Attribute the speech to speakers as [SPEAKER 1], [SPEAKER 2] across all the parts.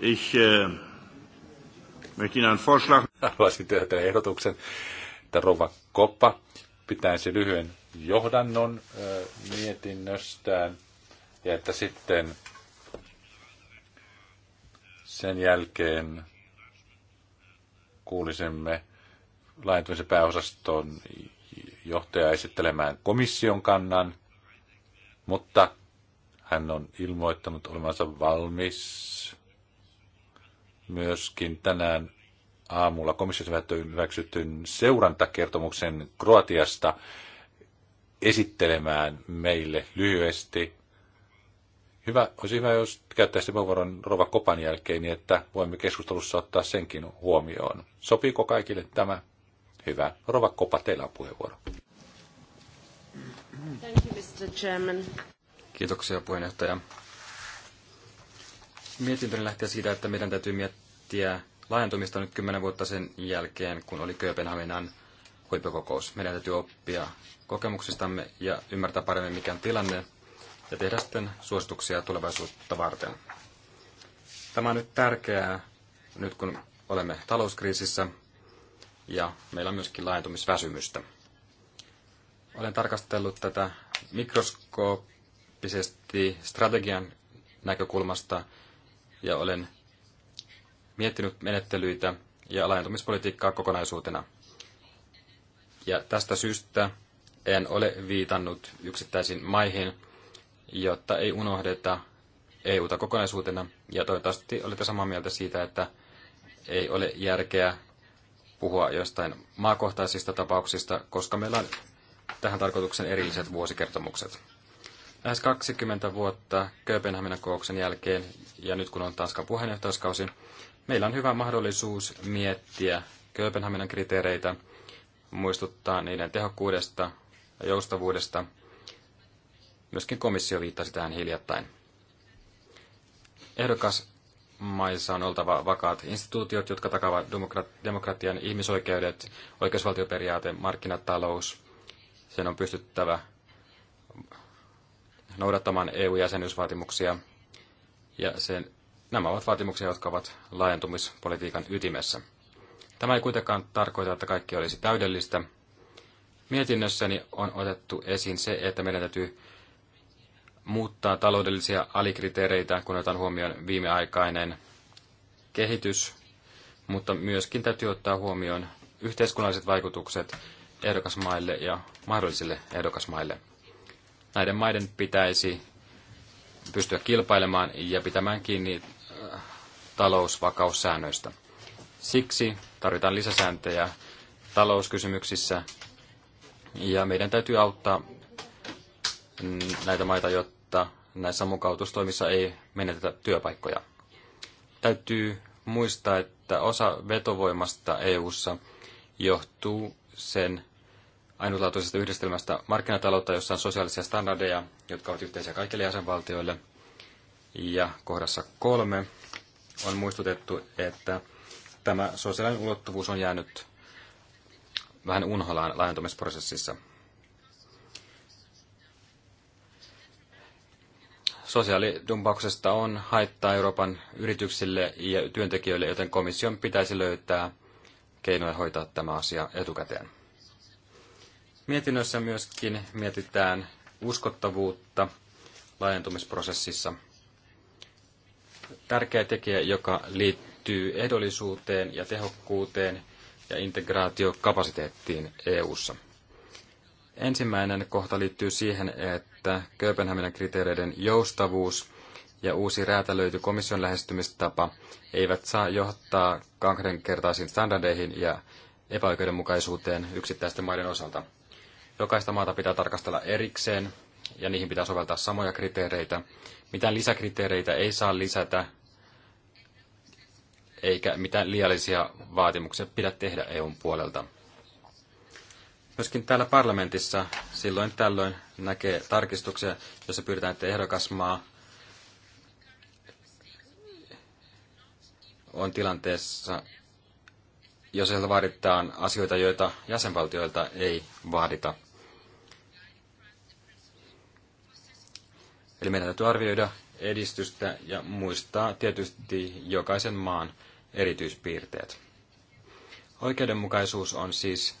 [SPEAKER 1] Ich äh, möchte Ihnen Haluaisin tehdä ehdotuksen, että Rova Koppa pitäisi lyhyen johdannon äh, mietinnöstään ja että sitten sen jälkeen kuulisimme laajentumisen pääosaston johtajaa esittelemään komission kannan, mutta hän on ilmoittanut olevansa valmis myöskin tänään aamulla komissiossa hyväksytyn seurantakertomuksen Kroatiasta esittelemään meille lyhyesti. Hyvä, olisi hyvä, jos käyttäisitte puheenvuoron Rova Kopan jälkeen, niin että voimme keskustelussa ottaa senkin huomioon. Sopiiko kaikille tämä? Hyvä. Rova Kopa,
[SPEAKER 2] teillä on puheenvuoro.
[SPEAKER 3] Thank you, Mr. Chairman.
[SPEAKER 2] Kiitoksia puheenjohtaja. Mietintö lähtee siitä, että meidän täytyy miettiä miettiä laajentumista nyt kymmenen vuotta sen jälkeen, kun oli Kööpenhaminan huippukokous. Meidän täytyy oppia kokemuksistamme ja ymmärtää paremmin, mikä on tilanne, ja tehdä sitten suosituksia tulevaisuutta varten. Tämä on nyt tärkeää nyt, kun olemme talouskriisissä ja meillä on myöskin laajentumisväsymystä. Olen tarkastellut tätä mikroskooppisesti strategian näkökulmasta ja olen miettinyt menettelyitä ja laajentumispolitiikkaa kokonaisuutena. Ja tästä syystä en ole viitannut yksittäisiin maihin, jotta ei unohdeta EUta kokonaisuutena. Ja toivottavasti olette samaa mieltä siitä, että ei ole järkeä puhua jostain maakohtaisista tapauksista, koska meillä on tähän tarkoituksen erilliset vuosikertomukset. Lähes 20 vuotta Kööpenhaminan kokouksen jälkeen, ja nyt kun on Tanskan puheenjohtajuuskausi, Meillä on hyvä mahdollisuus miettiä Kööpenhaminan kriteereitä, muistuttaa niiden tehokkuudesta ja joustavuudesta. Myöskin komissio viittasi tähän hiljattain. Ehdokas maissa on oltava vakaat instituutiot, jotka takavat demokratian ihmisoikeudet, oikeusvaltioperiaate, markkinatalous. Sen on pystyttävä noudattamaan EU-jäsenyysvaatimuksia ja sen Nämä ovat vaatimuksia, jotka ovat laajentumispolitiikan ytimessä. Tämä ei kuitenkaan tarkoita, että kaikki olisi täydellistä. Mietinnössäni on otettu esiin se, että meidän täytyy muuttaa taloudellisia alikriteereitä, kun otetaan huomioon viimeaikainen kehitys, mutta myöskin täytyy ottaa huomioon yhteiskunnalliset vaikutukset ehdokasmaille ja mahdollisille ehdokasmaille. Näiden maiden pitäisi pystyä kilpailemaan ja pitämään kiinni talousvakaussäännöistä. Siksi tarvitaan lisäsääntöjä talouskysymyksissä ja meidän täytyy auttaa näitä maita, jotta näissä mukautustoimissa ei menetetä työpaikkoja. Täytyy muistaa, että osa vetovoimasta EU:ssa johtuu sen ainutlaatuisesta yhdistelmästä markkinataloutta, jossa on sosiaalisia standardeja, jotka ovat yhteisiä kaikille jäsenvaltioille – ja kohdassa kolme on muistutettu, että tämä sosiaalinen ulottuvuus on jäänyt vähän unholaan laajentumisprosessissa. Sosiaalidumpauksesta on haittaa Euroopan yrityksille ja työntekijöille, joten komission pitäisi löytää keinoja hoitaa tämä asia etukäteen. Mietinnössä myöskin mietitään uskottavuutta laajentumisprosessissa – tärkeä tekijä, joka liittyy ehdollisuuteen ja tehokkuuteen ja integraatiokapasiteettiin EU:ssa. Ensimmäinen kohta liittyy siihen, että Kööpenhaminan kriteereiden joustavuus ja uusi räätälöity komission lähestymistapa eivät saa johtaa kahdenkertaisiin standardeihin ja epäoikeudenmukaisuuteen yksittäisten maiden osalta. Jokaista maata pitää tarkastella erikseen ja niihin pitää soveltaa samoja kriteereitä, mitään lisäkriteereitä ei saa lisätä, eikä mitään liiallisia vaatimuksia pidä tehdä EUn puolelta. Myöskin täällä parlamentissa silloin tällöin näkee tarkistuksia, joissa pyritään että ehdokasmaa on tilanteessa, jos sieltä vaaditaan asioita, joita jäsenvaltioilta ei vaadita. Eli meidän täytyy arvioida edistystä ja muistaa tietysti jokaisen maan erityispiirteet. Oikeudenmukaisuus on siis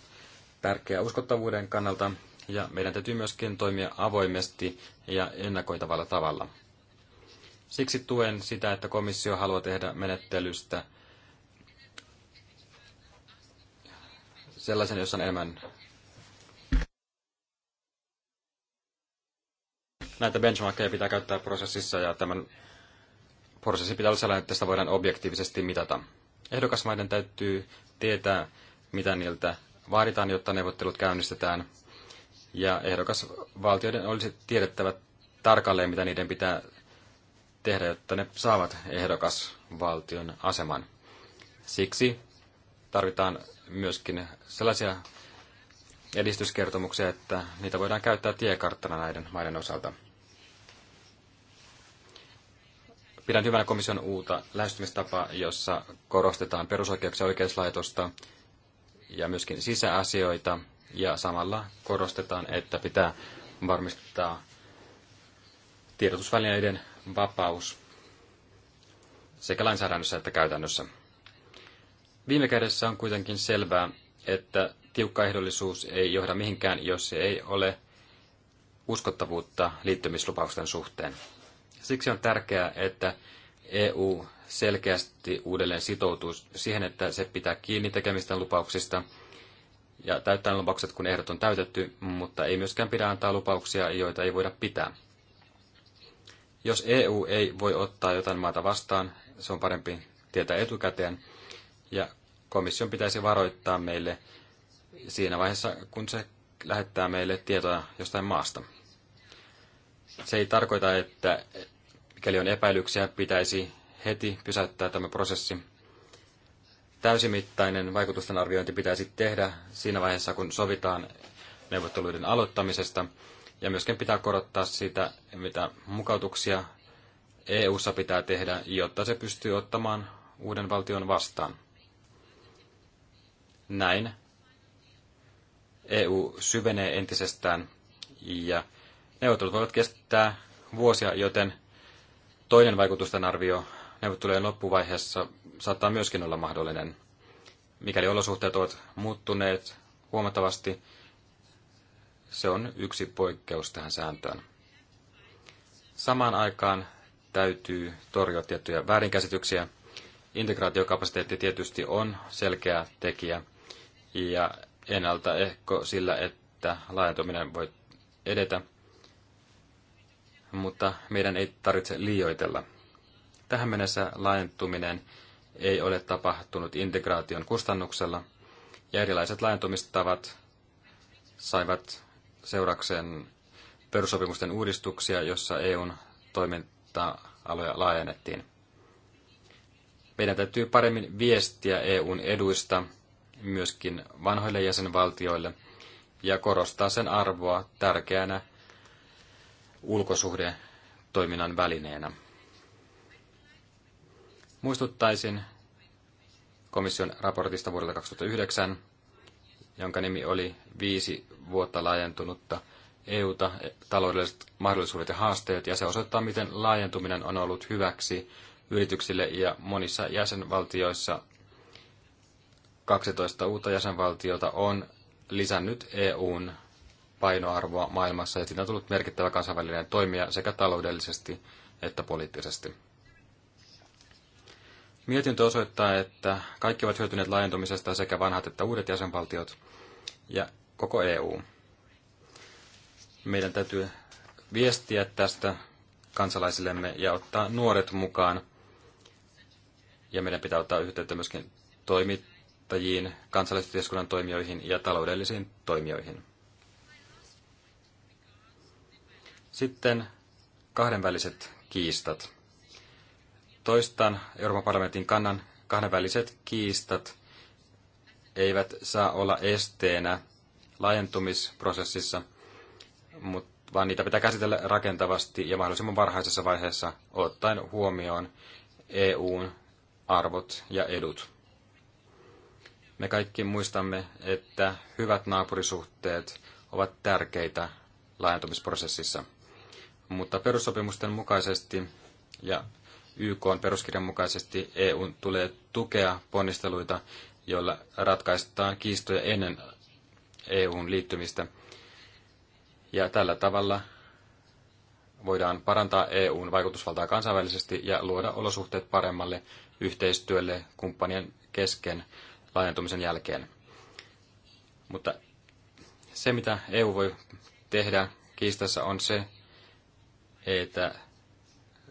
[SPEAKER 2] tärkeä uskottavuuden kannalta ja meidän täytyy myöskin toimia avoimesti ja ennakoitavalla tavalla. Siksi tuen sitä, että komissio haluaa tehdä menettelystä sellaisen, jossa on enemmän näitä benchmarkkeja pitää käyttää prosessissa ja tämän prosessi pitää olla sellainen, että sitä voidaan objektiivisesti mitata. Ehdokasmaiden täytyy tietää, mitä niiltä vaaditaan, jotta neuvottelut käynnistetään. Ja ehdokasvaltioiden olisi tiedettävä tarkalleen, mitä niiden pitää tehdä, jotta ne saavat ehdokasvaltion aseman. Siksi tarvitaan myöskin sellaisia edistyskertomuksia, että niitä voidaan käyttää tiekarttana näiden maiden osalta. Pidän hyvänä komission uutta lähestymistapaa, jossa korostetaan perusoikeuksia oikeuslaitosta ja myöskin sisäasioita, ja samalla korostetaan, että pitää varmistaa tiedotusvälineiden vapaus sekä lainsäädännössä että käytännössä. Viime kädessä on kuitenkin selvää, että tiukka ehdollisuus ei johda mihinkään, jos se ei ole uskottavuutta liittymislupausten suhteen. Siksi on tärkeää, että EU selkeästi uudelleen sitoutuu siihen, että se pitää kiinni tekemistä lupauksista ja täyttää lupaukset, kun ehdot on täytetty, mutta ei myöskään pidä antaa lupauksia, joita ei voida pitää. Jos EU ei voi ottaa jotain maata vastaan, se on parempi tietää etukäteen, ja komission pitäisi varoittaa meille siinä vaiheessa, kun se lähettää meille tietoa jostain maasta. Se ei tarkoita, että mikäli on epäilyksiä, pitäisi heti pysäyttää tämä prosessi. Täysimittainen vaikutusten arviointi pitäisi tehdä siinä vaiheessa, kun sovitaan neuvotteluiden aloittamisesta, ja myöskin pitää korottaa sitä, mitä mukautuksia EU-ssa pitää tehdä, jotta se pystyy ottamaan uuden valtion vastaan. Näin EU syvenee entisestään ja Neuvottelut voivat kestää vuosia, joten toinen vaikutusten arvio neuvottelujen loppuvaiheessa saattaa myöskin olla mahdollinen. Mikäli olosuhteet ovat muuttuneet huomattavasti, se on yksi poikkeus tähän sääntöön. Samaan aikaan täytyy torjua tiettyjä väärinkäsityksiä. Integraatiokapasiteetti tietysti on selkeä tekijä ja ennalta ehkä sillä, että laajentuminen voi edetä – mutta meidän ei tarvitse liioitella. Tähän mennessä laajentuminen ei ole tapahtunut integraation kustannuksella, ja erilaiset laajentumistavat saivat seurakseen perussopimusten uudistuksia, jossa EUn toiminta-aloja laajennettiin. Meidän täytyy paremmin viestiä EUn eduista myöskin vanhoille jäsenvaltioille ja korostaa sen arvoa tärkeänä toiminnan välineenä. Muistuttaisin komission raportista vuodelta 2009, jonka nimi oli viisi vuotta laajentunutta EUta, taloudelliset mahdollisuudet ja haasteet, ja se osoittaa, miten laajentuminen on ollut hyväksi yrityksille ja monissa jäsenvaltioissa 12 uutta jäsenvaltiota on lisännyt EUn painoarvoa maailmassa ja siitä on tullut merkittävä kansainvälinen toimija sekä taloudellisesti että poliittisesti. Mietintö osoittaa, että kaikki ovat hyötyneet laajentumisesta sekä vanhat että uudet jäsenvaltiot ja koko EU. Meidän täytyy viestiä tästä kansalaisillemme ja ottaa nuoret mukaan. Ja meidän pitää ottaa yhteyttä myöskin toimittajiin, kansalaisyhteiskunnan toimijoihin ja taloudellisiin toimijoihin. Sitten kahdenväliset kiistat. Toistan Euroopan parlamentin kannan kahdenväliset kiistat eivät saa olla esteenä laajentumisprosessissa, vaan niitä pitää käsitellä rakentavasti ja mahdollisimman varhaisessa vaiheessa ottaen huomioon EUn arvot ja edut. Me kaikki muistamme, että hyvät naapurisuhteet ovat tärkeitä laajentumisprosessissa – mutta perussopimusten mukaisesti ja YK on peruskirjan mukaisesti EU tulee tukea ponnisteluita, joilla ratkaistaan kiistoja ennen EUn liittymistä. Ja tällä tavalla voidaan parantaa EUn vaikutusvaltaa kansainvälisesti ja luoda olosuhteet paremmalle yhteistyölle kumppanien kesken laajentumisen jälkeen. Mutta se, mitä EU voi tehdä kiistassa, on se, että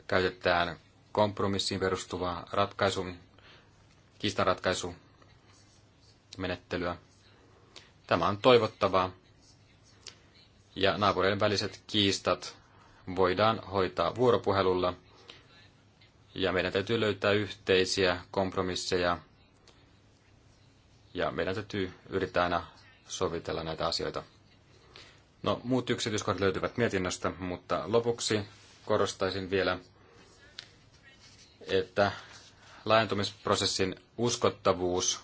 [SPEAKER 2] käytetään kompromissiin perustuvaa ratkaisun, menettelyä. Tämä on toivottavaa ja naapureiden väliset kiistat voidaan hoitaa vuoropuhelulla ja meidän täytyy löytää yhteisiä kompromisseja ja meidän täytyy yrittää aina sovitella näitä asioita. No, muut yksityiskohdat löytyvät mietinnöstä, mutta lopuksi korostaisin vielä, että laajentumisprosessin uskottavuus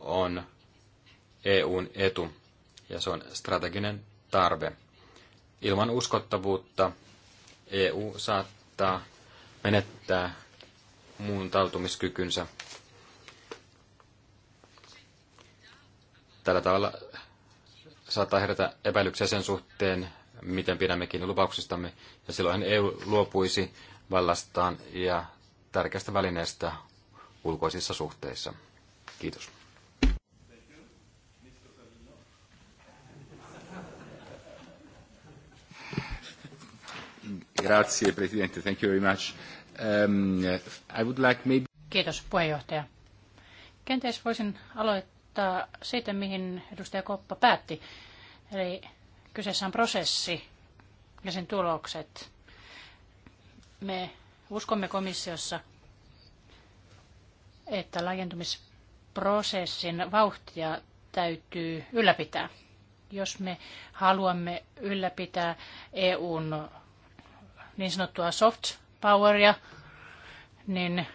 [SPEAKER 2] on EUn etu ja se on strateginen tarve. Ilman uskottavuutta EU saattaa menettää muuntautumiskykynsä. Tällä tavalla saattaa herätä epäilyksiä sen suhteen, miten pidämme kiinni lupauksistamme, ja silloin EU luopuisi vallastaan ja tärkeästä välineestä ulkoisissa suhteissa. Kiitos.
[SPEAKER 1] Grazie, Presidente. Thank you very much. Um, I would like maybe...
[SPEAKER 3] Kiitos, puheenjohtaja. Kenties voisin aloittaa aloittaa siitä, mihin edustaja Koppa päätti. Eli kyseessä on prosessi ja sen tulokset. Me uskomme komissiossa, että laajentumisprosessin vauhtia täytyy ylläpitää. Jos me haluamme ylläpitää EUn niin sanottua soft poweria, niin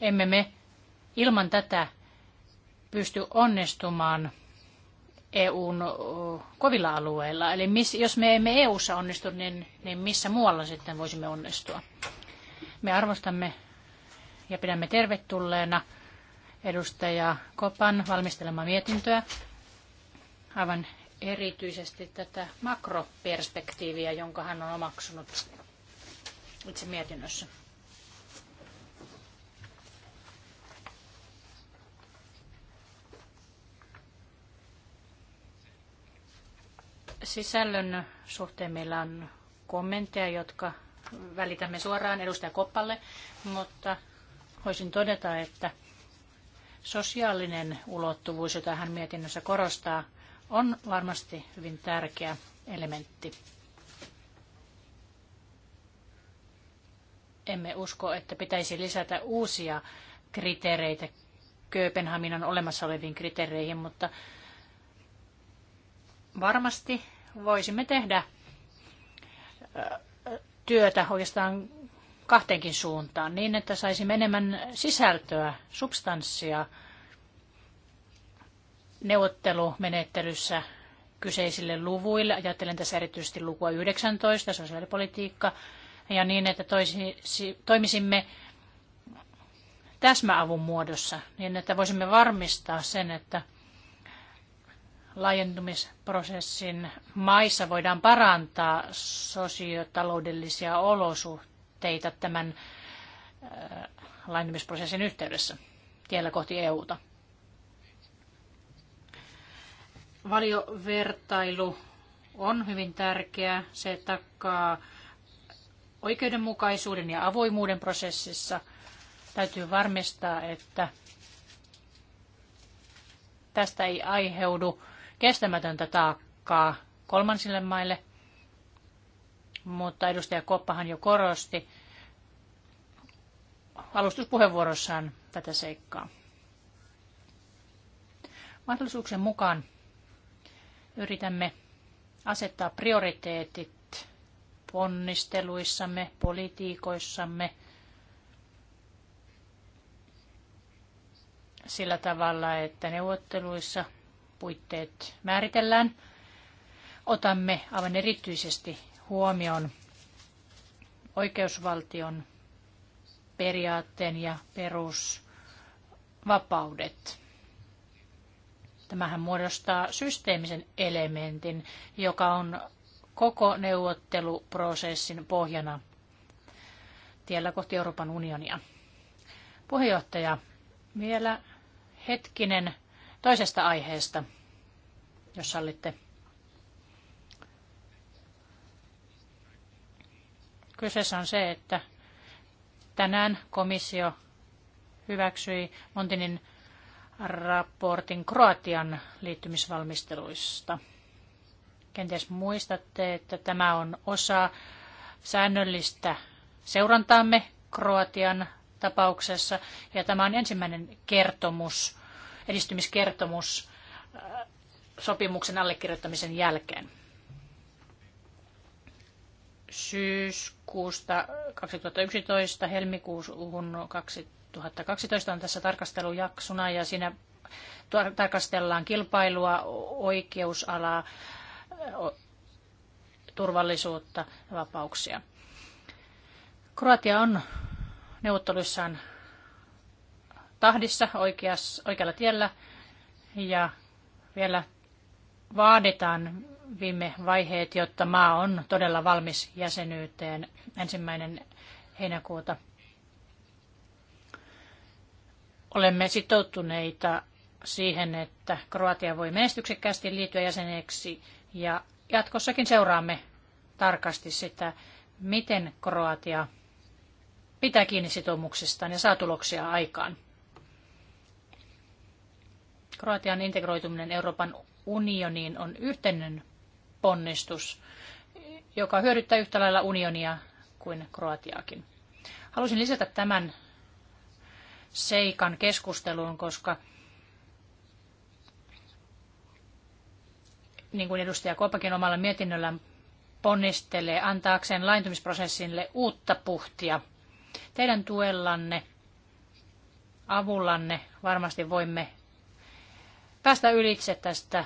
[SPEAKER 3] emme me ilman tätä pysty onnistumaan EUn kovilla alueilla. Eli miss, jos me emme EUssa onnistu, niin, niin missä muualla sitten voisimme onnistua? Me arvostamme ja pidämme tervetulleena edustaja Kopan valmistelemaa mietintöä. Aivan erityisesti tätä makroperspektiiviä, jonka hän on omaksunut itse mietinnössä. sisällön suhteen meillä on kommentteja, jotka välitämme suoraan edustaja Koppalle, mutta voisin todeta, että sosiaalinen ulottuvuus, jota hän mietinnössä korostaa, on varmasti hyvin tärkeä elementti. Emme usko, että pitäisi lisätä uusia kriteereitä Kööpenhaminan olemassa oleviin kriteereihin, mutta varmasti voisimme tehdä työtä oikeastaan kahteenkin suuntaan, niin että saisimme enemmän sisältöä, substanssia neuvottelumenettelyssä kyseisille luvuille. Ajattelen tässä erityisesti lukua 19, sosiaalipolitiikka, ja niin, että toisi, toimisimme täsmäavun muodossa, niin että voisimme varmistaa sen, että laajentumisprosessin maissa voidaan parantaa sosiotaloudellisia olosuhteita tämän äh, laajentumisprosessin yhteydessä tiellä kohti EUta. Valiovertailu on hyvin tärkeä. Se takaa oikeudenmukaisuuden ja avoimuuden prosessissa. Täytyy varmistaa, että tästä ei aiheudu kestämätöntä taakkaa kolmansille maille, mutta edustaja Koppahan jo korosti alustuspuheenvuorossaan tätä seikkaa. Mahdollisuuksien mukaan yritämme asettaa prioriteetit ponnisteluissamme, politiikoissamme sillä tavalla, että neuvotteluissa – puitteet määritellään, otamme aivan erityisesti huomioon oikeusvaltion periaatteen ja perusvapaudet. Tämähän muodostaa systeemisen elementin, joka on koko neuvotteluprosessin pohjana tiellä kohti Euroopan unionia. Puheenjohtaja, vielä hetkinen toisesta aiheesta, jos sallitte. Kyseessä on se, että tänään komissio hyväksyi Montinin raportin Kroatian liittymisvalmisteluista. Kenties muistatte, että tämä on osa säännöllistä seurantaamme Kroatian tapauksessa, ja tämä on ensimmäinen kertomus edistymiskertomus äh, sopimuksen allekirjoittamisen jälkeen. Syyskuusta 2011 helmikuuhun 2012 on tässä tarkastelujaksona ja siinä tarkastellaan kilpailua, oikeusalaa, turvallisuutta ja vapauksia. Kroatia on neuvotteluissaan tahdissa oikeas, oikealla tiellä ja vielä vaaditaan viime vaiheet, jotta maa on todella valmis jäsenyyteen ensimmäinen heinäkuuta. Olemme sitoutuneita siihen, että Kroatia voi menestyksekkäästi liittyä jäseneksi ja jatkossakin seuraamme tarkasti sitä, miten Kroatia pitää kiinni sitoumuksistaan ja saa tuloksia aikaan. Kroatian integroituminen Euroopan unioniin on yhteinen ponnistus, joka hyödyttää yhtä lailla unionia kuin Kroatiaakin. Halusin lisätä tämän seikan keskusteluun, koska niin kuin edustaja Kopakin omalla mietinnöllään ponnistelee antaakseen laintumisprosessille uutta puhtia. Teidän tuellanne, avullanne varmasti voimme päästä ylitse tästä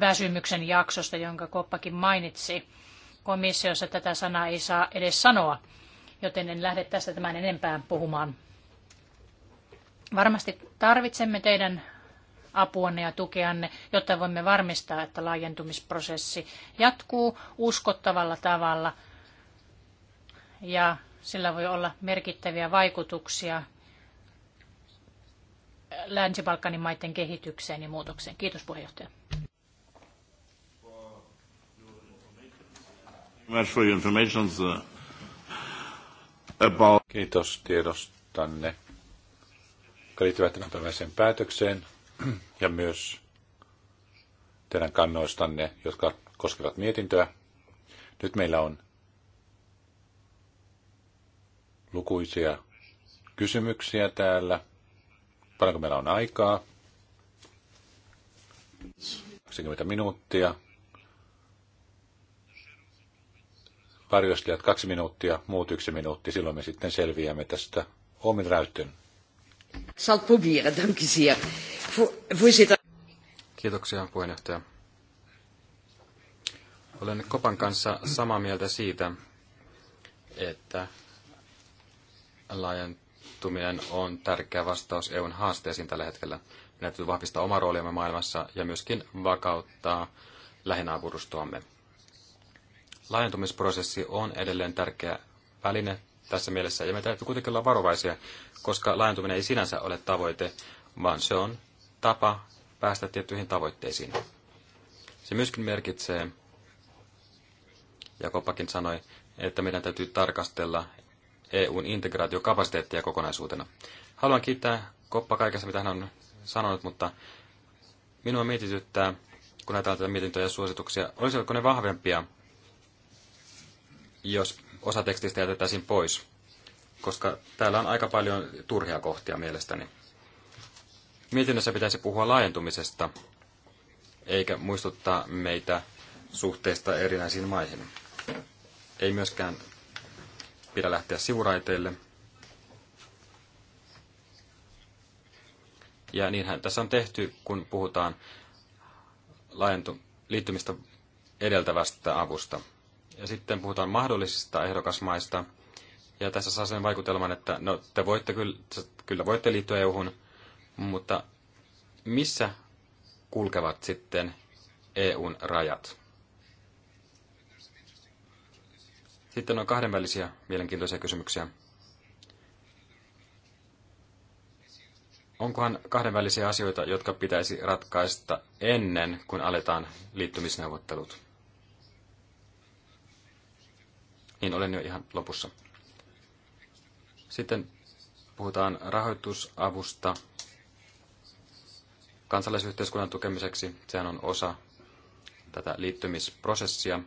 [SPEAKER 3] väsymyksen jaksosta, jonka Koppakin mainitsi. Komissiossa tätä sanaa ei saa edes sanoa, joten en lähde tästä tämän enempää puhumaan. Varmasti tarvitsemme teidän apuanne ja tukeanne, jotta voimme varmistaa, että laajentumisprosessi jatkuu uskottavalla tavalla ja sillä voi olla merkittäviä vaikutuksia Länsi-Balkanin maiden kehitykseen ja muutokseen. Kiitos puheenjohtaja. Uh,
[SPEAKER 1] Kiitos tiedostanne, liittyvät tämän päiväiseen päätökseen ja myös teidän kannoistanne, jotka koskevat mietintöä. Nyt meillä on lukuisia kysymyksiä täällä. Paljonko meillä on aikaa? 20 minuuttia. Varjostelijat kaksi minuuttia, muut yksi minuutti. Silloin me sitten selviämme tästä. Omin räyttyn.
[SPEAKER 2] Kiitoksia puheenjohtaja. Olen Kopan kanssa samaa mieltä siitä, että laajentaminen osallistuminen on tärkeä vastaus EUn haasteisiin tällä hetkellä. Meidän täytyy vahvistaa omaa rooliamme maailmassa ja myöskin vakauttaa lähinaapurustoamme. Laajentumisprosessi on edelleen tärkeä väline tässä mielessä, ja me täytyy kuitenkin olla varovaisia, koska laajentuminen ei sinänsä ole tavoite, vaan se on tapa päästä tiettyihin tavoitteisiin. Se myöskin merkitsee, ja koppakin sanoi, että meidän täytyy tarkastella EUn integraatiokapasiteettia kokonaisuutena. Haluan kiittää Koppa kaikesta, mitä hän on sanonut, mutta minua mietityttää, kun näitä tätä mietintöjä ja suosituksia, olisivatko ne vahvempia, jos osa tekstistä jätettäisiin pois, koska täällä on aika paljon turhia kohtia mielestäni. Mietinnössä pitäisi puhua laajentumisesta, eikä muistuttaa meitä suhteista erinäisiin maihin. Ei myöskään pidä lähteä sivuraiteille. Ja niinhän tässä on tehty, kun puhutaan liittymistä edeltävästä avusta. Ja sitten puhutaan mahdollisista ehdokasmaista. Ja tässä saa sen vaikutelman, että no, te voitte kyllä, kyllä voitte liittyä EU-hun, mutta missä kulkevat sitten EUn rajat? Sitten on kahdenvälisiä mielenkiintoisia kysymyksiä. Onkohan kahdenvälisiä asioita, jotka pitäisi ratkaista ennen kuin aletaan liittymisneuvottelut? Niin, olen jo ihan lopussa. Sitten puhutaan rahoitusavusta kansalaisyhteiskunnan tukemiseksi. Sehän on osa tätä liittymisprosessia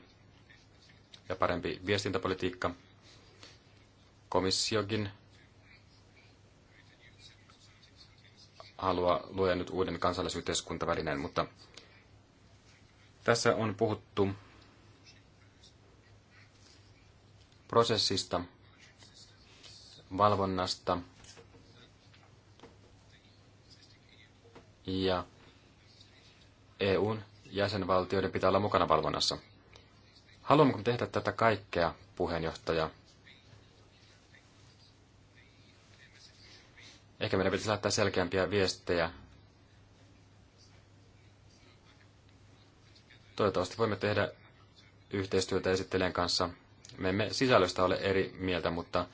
[SPEAKER 2] ja parempi viestintäpolitiikka. Komissiokin haluaa luoda nyt uuden kansallisyhteiskuntavälineen, mutta tässä on puhuttu prosessista, valvonnasta ja EUn jäsenvaltioiden pitää olla mukana valvonnassa. Haluammeko tehdä tätä kaikkea, puheenjohtaja? Ehkä meidän pitäisi lähettää selkeämpiä viestejä. Toivottavasti voimme tehdä yhteistyötä esittelijän kanssa. Me emme sisällöstä ole eri mieltä, mutta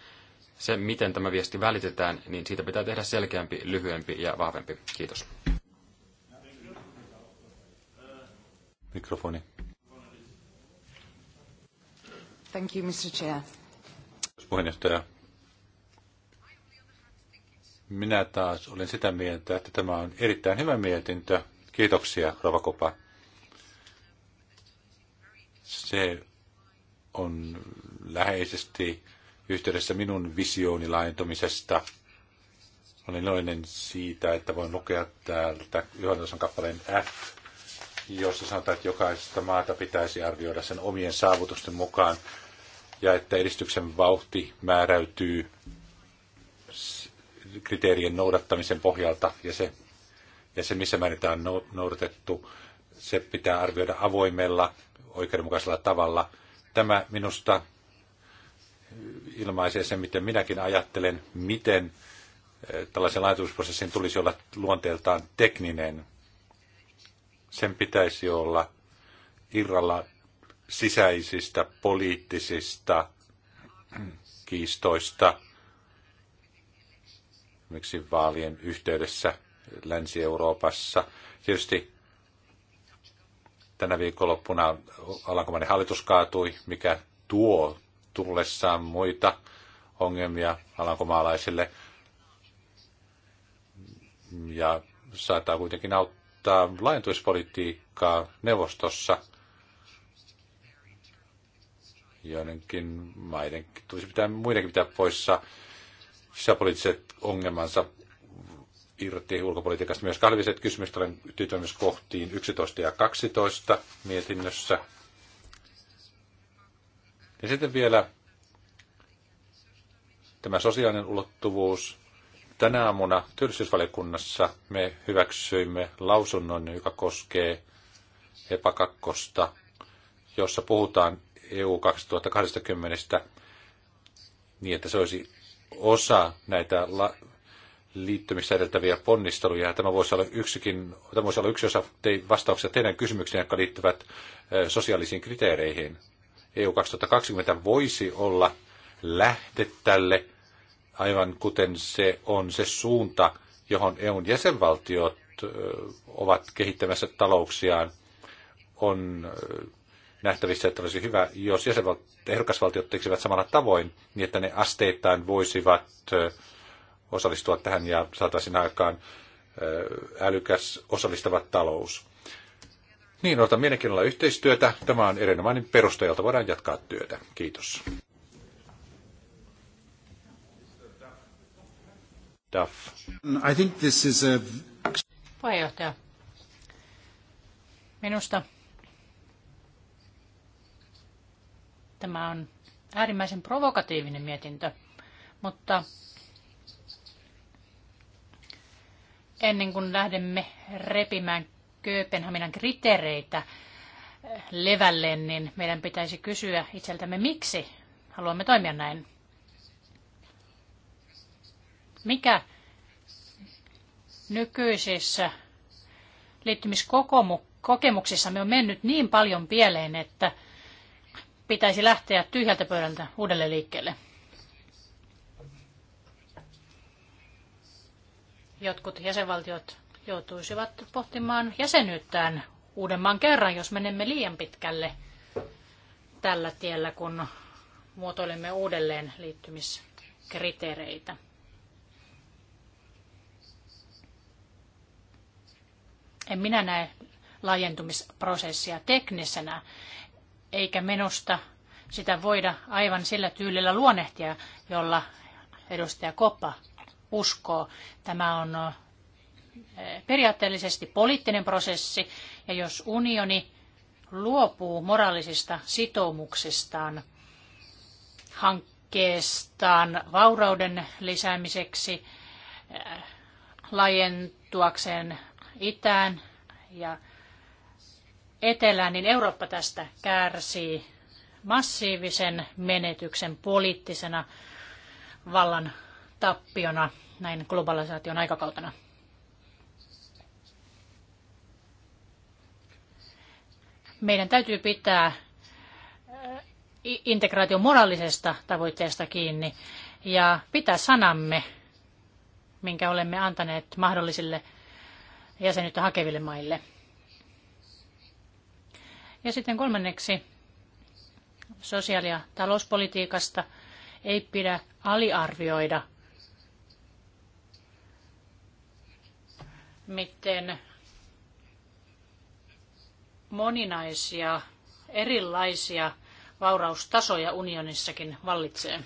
[SPEAKER 2] se, miten tämä viesti välitetään, niin siitä pitää tehdä selkeämpi, lyhyempi ja vahvempi. Kiitos. Mikrofoni. Thank you, Mr. Chair.
[SPEAKER 1] Puheenjohtaja. Minä taas olen sitä mieltä, että tämä on erittäin hyvä mietintö. Kiitoksia, Ravakopa. Se on läheisesti yhteydessä minun visiooni laajentumisesta. Olen iloinen siitä, että voin lukea täältä yhden kappaleen F jossa sanotaan, että jokaisesta maata pitäisi arvioida sen omien saavutusten mukaan ja että edistyksen vauhti määräytyy kriteerien noudattamisen pohjalta ja se, ja se missä on noudatettu, se pitää arvioida avoimella, oikeudenmukaisella tavalla. Tämä minusta ilmaisee sen, miten minäkin ajattelen, miten eh, tällaisen laitomusprosessin tulisi olla luonteeltaan tekninen sen pitäisi olla irralla sisäisistä poliittisista kiistoista, miksi vaalien yhteydessä Länsi-Euroopassa. Tietysti tänä viikonloppuna Alankomainen hallitus kaatui, mikä tuo tullessaan muita ongelmia alankomaalaisille ja saattaa kuitenkin auttaa harjoittaa laajentumispolitiikkaa neuvostossa. Joidenkin maiden tulisi pitää, muidenkin pitää poissa sisäpoliittiset ongelmansa irti ulkopolitiikasta. Myös kahdelliset kysymykset olen myös kohtiin 11 ja 12 mietinnössä. Ja sitten vielä tämä sosiaalinen ulottuvuus, Tänä aamuna työllisyysvaliokunnassa me hyväksyimme lausunnon, joka koskee epakakkosta, jossa puhutaan EU 2020 niin, että se olisi osa näitä la- liittymistä edeltäviä ponnisteluja. Tämä voisi olla, yksikin, tämä voisi olla yksi osa te- vastauksia teidän kysymyksiin, jotka liittyvät sosiaalisiin kriteereihin. EU 2020 voisi olla lähte tälle aivan kuten se on se suunta, johon EUn jäsenvaltiot ovat kehittämässä talouksiaan, on nähtävissä, että olisi hyvä, jos ehdokasvaltiot tekisivät samalla tavoin, niin että ne asteittain voisivat osallistua tähän ja saataisiin aikaan älykäs osallistava talous. Niin, otan mielenkiinnolla yhteistyötä. Tämä on erinomainen perusta, jolta voidaan jatkaa työtä. Kiitos. Duff. I think this is a...
[SPEAKER 3] Puheenjohtaja. Minusta tämä on äärimmäisen provokatiivinen mietintö, mutta ennen kuin lähdemme repimään Kööpenhaminan kriteereitä levälleen, niin meidän pitäisi kysyä itseltämme, miksi haluamme toimia näin. Mikä nykyisissä me on mennyt niin paljon pieleen, että pitäisi lähteä tyhjältä pöydältä uudelle liikkeelle? Jotkut jäsenvaltiot joutuisivat pohtimaan jäsenyyttään uudemman kerran, jos menemme liian pitkälle tällä tiellä, kun muotoilemme uudelleen liittymiskriteereitä. En minä näe laajentumisprosessia teknisenä, eikä menosta sitä voida aivan sillä tyylillä luonnehtia, jolla edustaja Koppa uskoo. Tämä on periaatteellisesti poliittinen prosessi, ja jos unioni luopuu moraalisista sitoumuksistaan hankkeestaan vaurauden lisäämiseksi, laajentuakseen itään ja etelään, niin Eurooppa tästä kärsii massiivisen menetyksen poliittisena vallan tappiona näin globalisaation aikakautena. Meidän täytyy pitää eh, integraation moraalisesta tavoitteesta kiinni ja pitää sanamme, minkä olemme antaneet mahdollisille jäsenyyttä hakeville maille. Ja sitten kolmanneksi sosiaali- ja talouspolitiikasta ei pidä aliarvioida, miten moninaisia erilaisia vauraustasoja unionissakin vallitsee.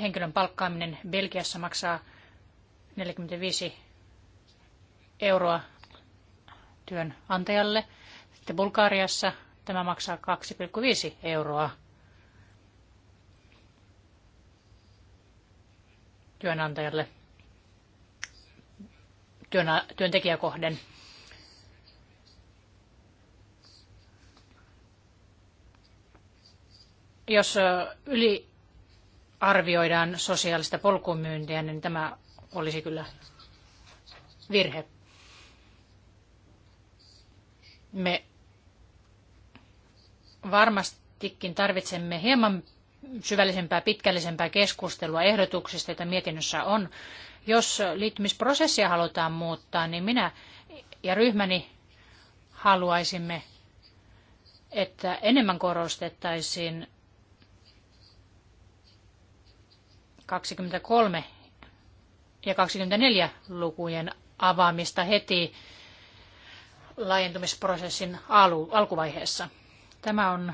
[SPEAKER 3] henkilön palkkaaminen Belgiassa maksaa 45 euroa työnantajalle. Sitten Bulgaariassa tämä maksaa 2,5 euroa työnantajalle työn työntekijäkohden. Jos yli arvioidaan sosiaalista polkumyyntiä, niin tämä olisi kyllä virhe. Me varmastikin tarvitsemme hieman syvällisempää, pitkällisempää keskustelua ehdotuksista, joita mietinnössä on. Jos liittymisprosessia halutaan muuttaa, niin minä ja ryhmäni haluaisimme, että enemmän korostettaisiin 23 ja 24 lukujen avaamista heti laajentumisprosessin alu, alkuvaiheessa. Tämä on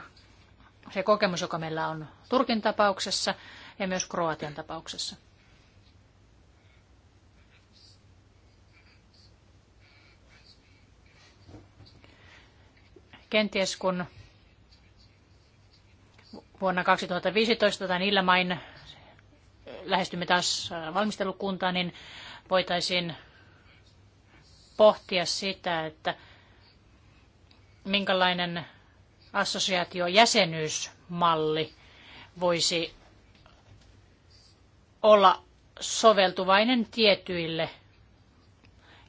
[SPEAKER 3] se kokemus, joka meillä on Turkin tapauksessa ja myös Kroatian tapauksessa. Kenties kun vuonna 2015 tai niillä lähestymme taas äh, valmistelukuntaa, niin voitaisiin pohtia sitä, että minkälainen assosiaatiojäsenyysmalli voisi olla soveltuvainen tietyille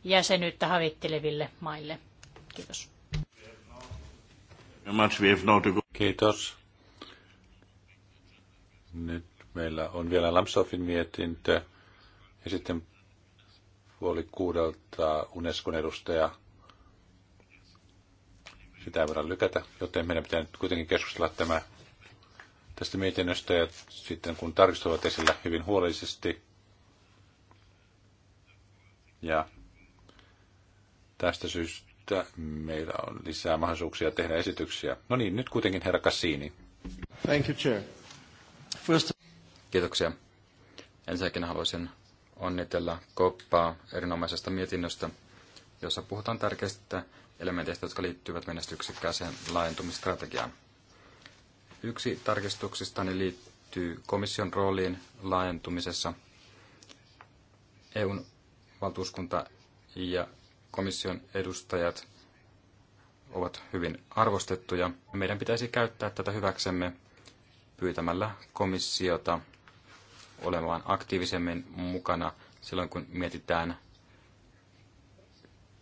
[SPEAKER 3] jäsenyyttä havitteleville maille. Kiitos.
[SPEAKER 1] Kiitos. Nyt Meillä on vielä Lamsofin mietintö ja sitten puoli kuudelta Unescon edustaja. Sitä ei voida lykätä, joten meidän pitää nyt kuitenkin keskustella tämä tästä mietinnöstä ja sitten kun tarkistuvat esillä hyvin huolellisesti. Ja tästä syystä meillä on lisää mahdollisuuksia tehdä
[SPEAKER 2] esityksiä. No niin, nyt kuitenkin herra Cassini.
[SPEAKER 3] Thank you, Chair. First
[SPEAKER 2] Kiitoksia. Ensinnäkin haluaisin onnitella Koppaa erinomaisesta mietinnöstä, jossa puhutaan tärkeistä elementeistä, jotka liittyvät menestyksekkääseen laajentumistrategiaan. Yksi tarkistuksistani liittyy komission rooliin laajentumisessa. EUn valtuuskunta ja komission edustajat ovat hyvin arvostettuja. Meidän pitäisi käyttää tätä hyväksemme pyytämällä komissiota olemaan aktiivisemmin mukana silloin, kun mietitään,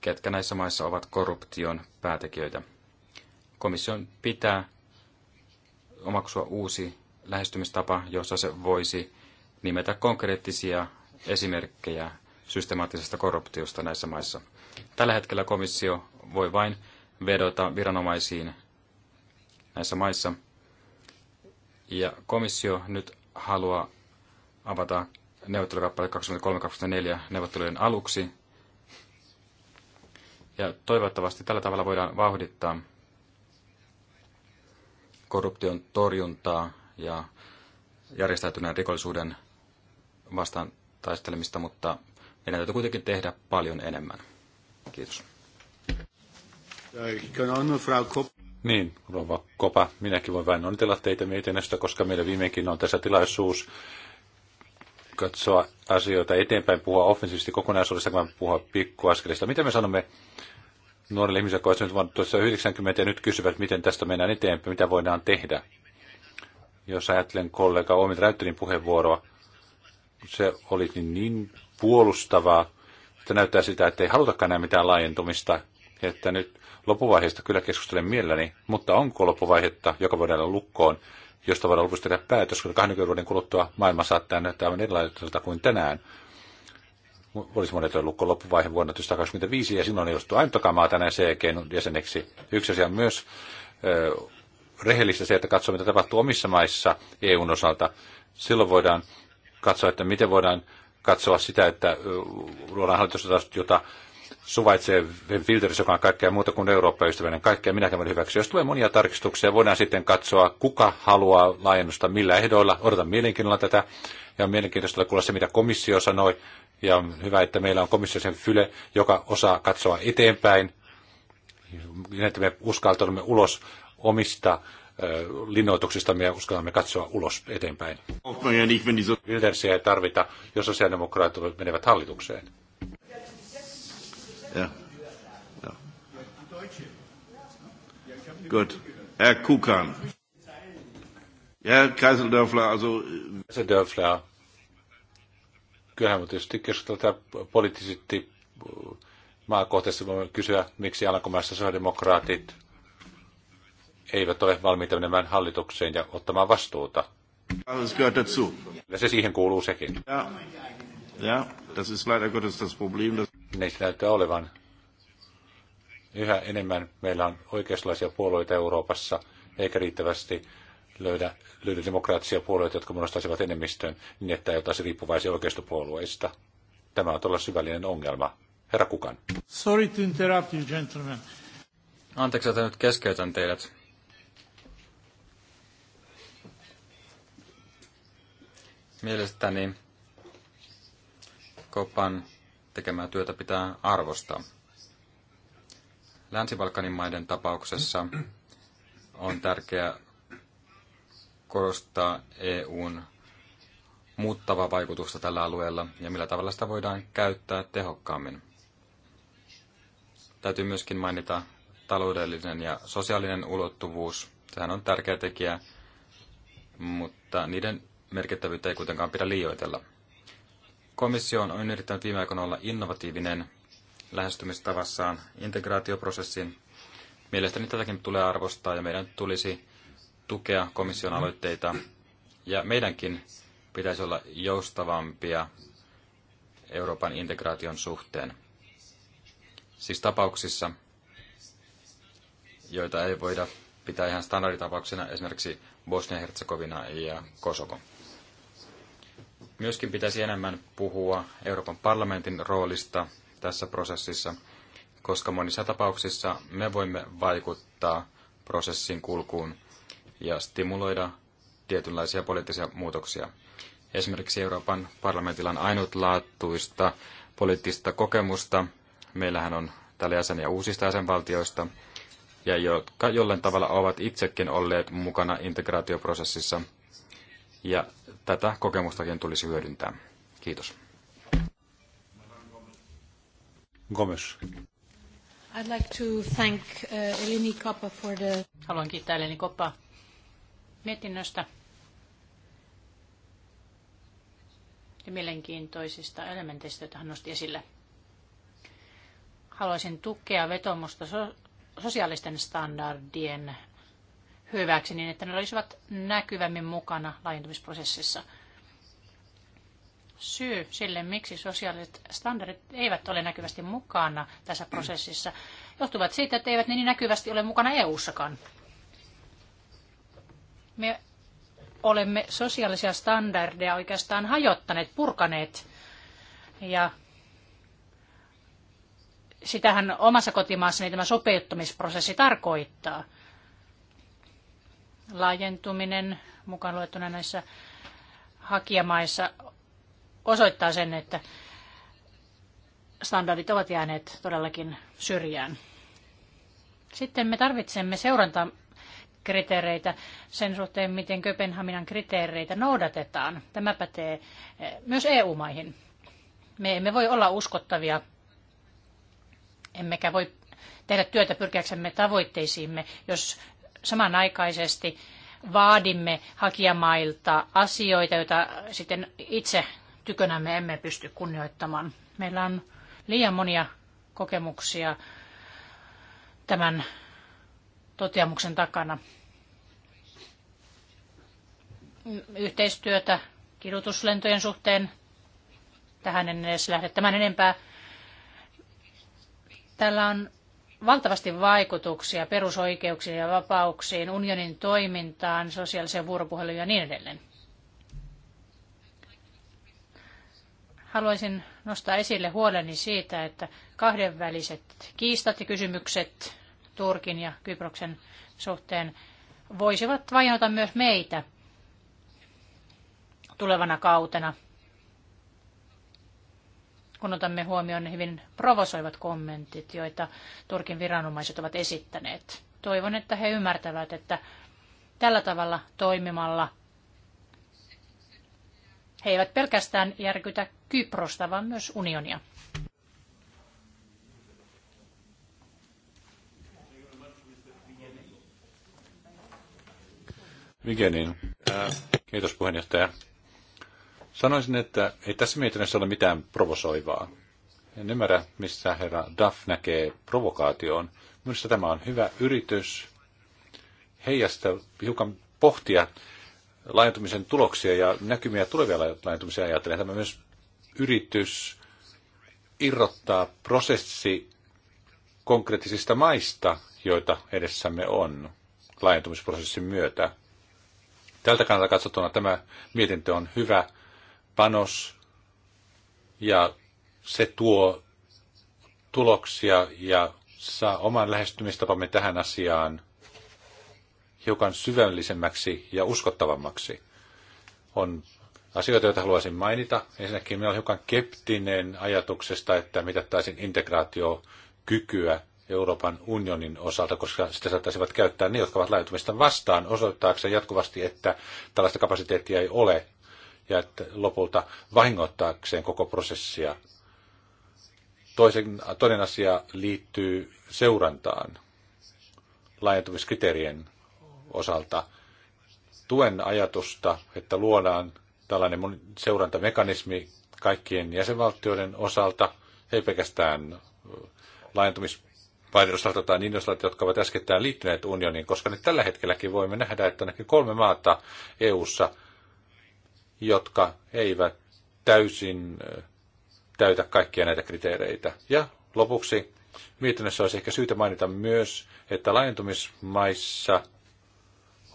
[SPEAKER 2] ketkä näissä maissa ovat korruption päätekijöitä. Komission pitää omaksua uusi lähestymistapa, jossa se voisi nimetä konkreettisia esimerkkejä systemaattisesta korruptiosta näissä maissa. Tällä hetkellä komissio voi vain vedota viranomaisiin näissä maissa. Ja komissio nyt haluaa avata neuvottelukappale 23-24 neuvottelujen aluksi. Ja toivottavasti tällä tavalla voidaan vauhdittaa korruption torjuntaa ja järjestäytyneen rikollisuuden vastaan taistelemista, mutta meidän täytyy kuitenkin tehdä paljon enemmän. Kiitos.
[SPEAKER 1] Niin, rouva Kopa, minäkin voin vain onnitella teitä mietinnöstä, koska meillä viimeinkin on tässä tilaisuus katsoa asioita eteenpäin, puhua offensiivisesti kokonaisuudesta, kun puhua pikkuaskelista. Mitä me sanomme nuorille ihmisille, jotka nyt vuonna 1990 ja nyt kysyvät, miten tästä mennään eteenpäin, mitä voidaan tehdä? Jos ajattelen kollega Omin Räyttelin puheenvuoroa, se oli niin, niin puolustavaa, että näyttää sitä, että ei halutakaan enää mitään laajentumista, että nyt loppuvaiheesta kyllä keskustelen mielelläni, mutta onko loppuvaihetta, joka voidaan olla lukkoon, josta voidaan lopuksi tehdä päätös, koska 20 vuoden kuluttua maailma saattaa näyttää aivan erilaiselta kuin tänään. Olisi monet lukko loppuvaihe vuonna 1925 ja silloin ei ostu ainuttakaan maata näin ceg jäseneksi. Yksi asia on myös ö, rehellistä se, että katsoo mitä tapahtuu omissa maissa EUn osalta. Silloin voidaan katsoa, että miten voidaan katsoa sitä, että luodaan hallitusta, jota suvaitsee Wilders, joka on kaikkea muuta kuin eurooppa ystävällinen kaikkea minäkin voin hyväksyä. Jos tulee monia tarkistuksia, voidaan sitten katsoa, kuka haluaa laajennusta, millä ehdoilla. Odotan mielenkiinnolla tätä ja on mielenkiintoista kuulla se, mitä komissio sanoi. Ja on hyvä, että meillä on komissiosen Fyle, joka osaa katsoa eteenpäin, niin että me uskaltaudumme ulos omista linnoituksista me uskallamme katsoa ulos eteenpäin. Wildersiä ei tarvita, jos sosiaalidemokraatit menevät hallitukseen. Ja. ja. Gut. Herr Kukan. Ja, Herr Kaiseldörfler, also... Äh, Kaiseldörfler, kyllähän me tietysti keskustelemme poliittisesti äh, maakohtaisesti voimme kysyä, miksi Alankomaissa sosiaalidemokraatit eivät ole valmiita menemään hallitukseen ja ottamaan vastuuta. Ja se siihen kuuluu sekin. Ja, ja das ist leider Gottes das Problem, dass näistä näyttää olevan. Yhä enemmän meillä on oikeistolaisia puolueita Euroopassa, eikä riittävästi löydä, löydä demokraattisia puolueita, jotka muodostaisivat enemmistön niin, että ei oltaisi riippuvaisia oikeistopuolueista. Tämä on todella syvällinen ongelma. Herra Kukan. Sorry to interrupt you, gentlemen.
[SPEAKER 2] Anteeksi, että nyt keskeytän teidät. Mielestäni Kopan tekemää työtä pitää arvostaa. Länsi-Balkanin maiden tapauksessa on tärkeää korostaa EUn muuttavaa vaikutusta tällä alueella ja millä tavalla sitä voidaan käyttää tehokkaammin. Täytyy myöskin mainita taloudellinen ja sosiaalinen ulottuvuus. Sehän on tärkeä tekijä, mutta niiden merkittävyyttä ei kuitenkaan pidä liioitella. Komissio on yrittänyt viime aikoina olla innovatiivinen lähestymistavassaan integraatioprosessin. Mielestäni tätäkin tulee arvostaa ja meidän tulisi tukea komission aloitteita ja meidänkin pitäisi olla joustavampia Euroopan integraation suhteen. Siis tapauksissa, joita ei voida pitää ihan standarditapauksena, esimerkiksi Bosnia-Herzegovina ja Kosovo. Myöskin pitäisi enemmän puhua Euroopan parlamentin roolista tässä prosessissa, koska monissa tapauksissa me voimme vaikuttaa prosessin kulkuun ja stimuloida tietynlaisia poliittisia muutoksia. Esimerkiksi Euroopan parlamentilla on ainutlaatuista poliittista kokemusta. Meillähän on täällä jäseniä uusista jäsenvaltioista, ja jotka jollain tavalla ovat itsekin olleet mukana integraatioprosessissa – ja tätä kokemustakin tulisi hyödyntää. Kiitos. Gomes.
[SPEAKER 3] I'd like to thank uh, Eleni Koppa for the... Haluan kiittää Eleni Koppaa mietinnöstä ja mielenkiintoisista elementeistä, joita hän nosti esille. Haluaisin tukea vetomusta so- sosiaalisten standardien hyväksi niin, että ne olisivat näkyvämmin mukana laajentumisprosessissa. Syy sille, miksi sosiaaliset standardit eivät ole näkyvästi mukana tässä prosessissa, johtuvat siitä, että eivät ne niin näkyvästi ole mukana EU-sakaan. Me olemme sosiaalisia standardeja oikeastaan hajottaneet, purkaneet. Ja sitähän omassa kotimaassani tämä sopeuttamisprosessi tarkoittaa – laajentuminen mukaan luettuna näissä hakijamaissa osoittaa sen, että standardit ovat jääneet todellakin syrjään. Sitten me tarvitsemme seurantakriteereitä sen suhteen, miten Köpenhaminan kriteereitä noudatetaan. Tämä pätee eh, myös EU-maihin. Me emme voi olla uskottavia, emmekä voi tehdä työtä pyrkiäksemme tavoitteisiimme, jos samanaikaisesti vaadimme hakijamailta asioita, joita sitten itse tykönämme emme pysty kunnioittamaan. Meillä on liian monia kokemuksia tämän toteamuksen takana. Yhteistyötä kidutuslentojen suhteen. Tähän en edes lähde tämän enempää. Täällä on valtavasti vaikutuksia perusoikeuksiin ja vapauksiin, unionin toimintaan, sosiaaliseen vuoropuheluun ja niin edelleen. Haluaisin nostaa esille huoleni siitä, että kahdenväliset kiistat ja kysymykset Turkin ja Kyproksen suhteen voisivat vajota myös meitä tulevana kautena – kun otamme huomioon ne hyvin provosoivat kommentit, joita Turkin viranomaiset ovat esittäneet. Toivon, että he ymmärtävät, että tällä tavalla toimimalla he eivät pelkästään järkytä Kyprosta, vaan myös unionia.
[SPEAKER 1] Vigenin. Kiitos puheenjohtaja. Sanoisin, että ei tässä mietinnössä ole mitään provosoivaa. En ymmärrä, missä herra Duff näkee provokaation. Minusta tämä on hyvä yritys heijasta hiukan pohtia laajentumisen tuloksia ja näkymiä tulevia laajentumisia ajatellen. Tämä myös yritys irrottaa prosessi konkreettisista maista, joita edessämme on laajentumisprosessin myötä. Tältä kannalta katsottuna tämä mietintö on hyvä panos ja se tuo tuloksia ja saa oman lähestymistapamme tähän asiaan hiukan syvällisemmäksi ja uskottavammaksi. On asioita, joita haluaisin mainita. Ensinnäkin minä olen hiukan keptinen ajatuksesta, että mitattaisiin integraatiokykyä Euroopan unionin osalta, koska sitä saattaisivat käyttää ne, jotka ovat laajentumista vastaan, osoittaakseen jatkuvasti, että tällaista kapasiteettia ei ole ja että lopulta vahingoittaakseen koko prosessia. Toisen, toinen asia liittyy seurantaan laajentumiskriteerien osalta. Tuen ajatusta, että luodaan tällainen seurantamekanismi kaikkien jäsenvaltioiden osalta, ei pelkästään laajentumispaiden osalta tai niin osalta, jotka ovat äskettäin liittyneet unioniin, koska nyt tällä hetkelläkin voimme nähdä, että ainakin kolme maata EU:ssa ssa jotka eivät täysin täytä kaikkia näitä kriteereitä. Ja lopuksi mietinnössä olisi ehkä syytä mainita myös, että laajentumismaissa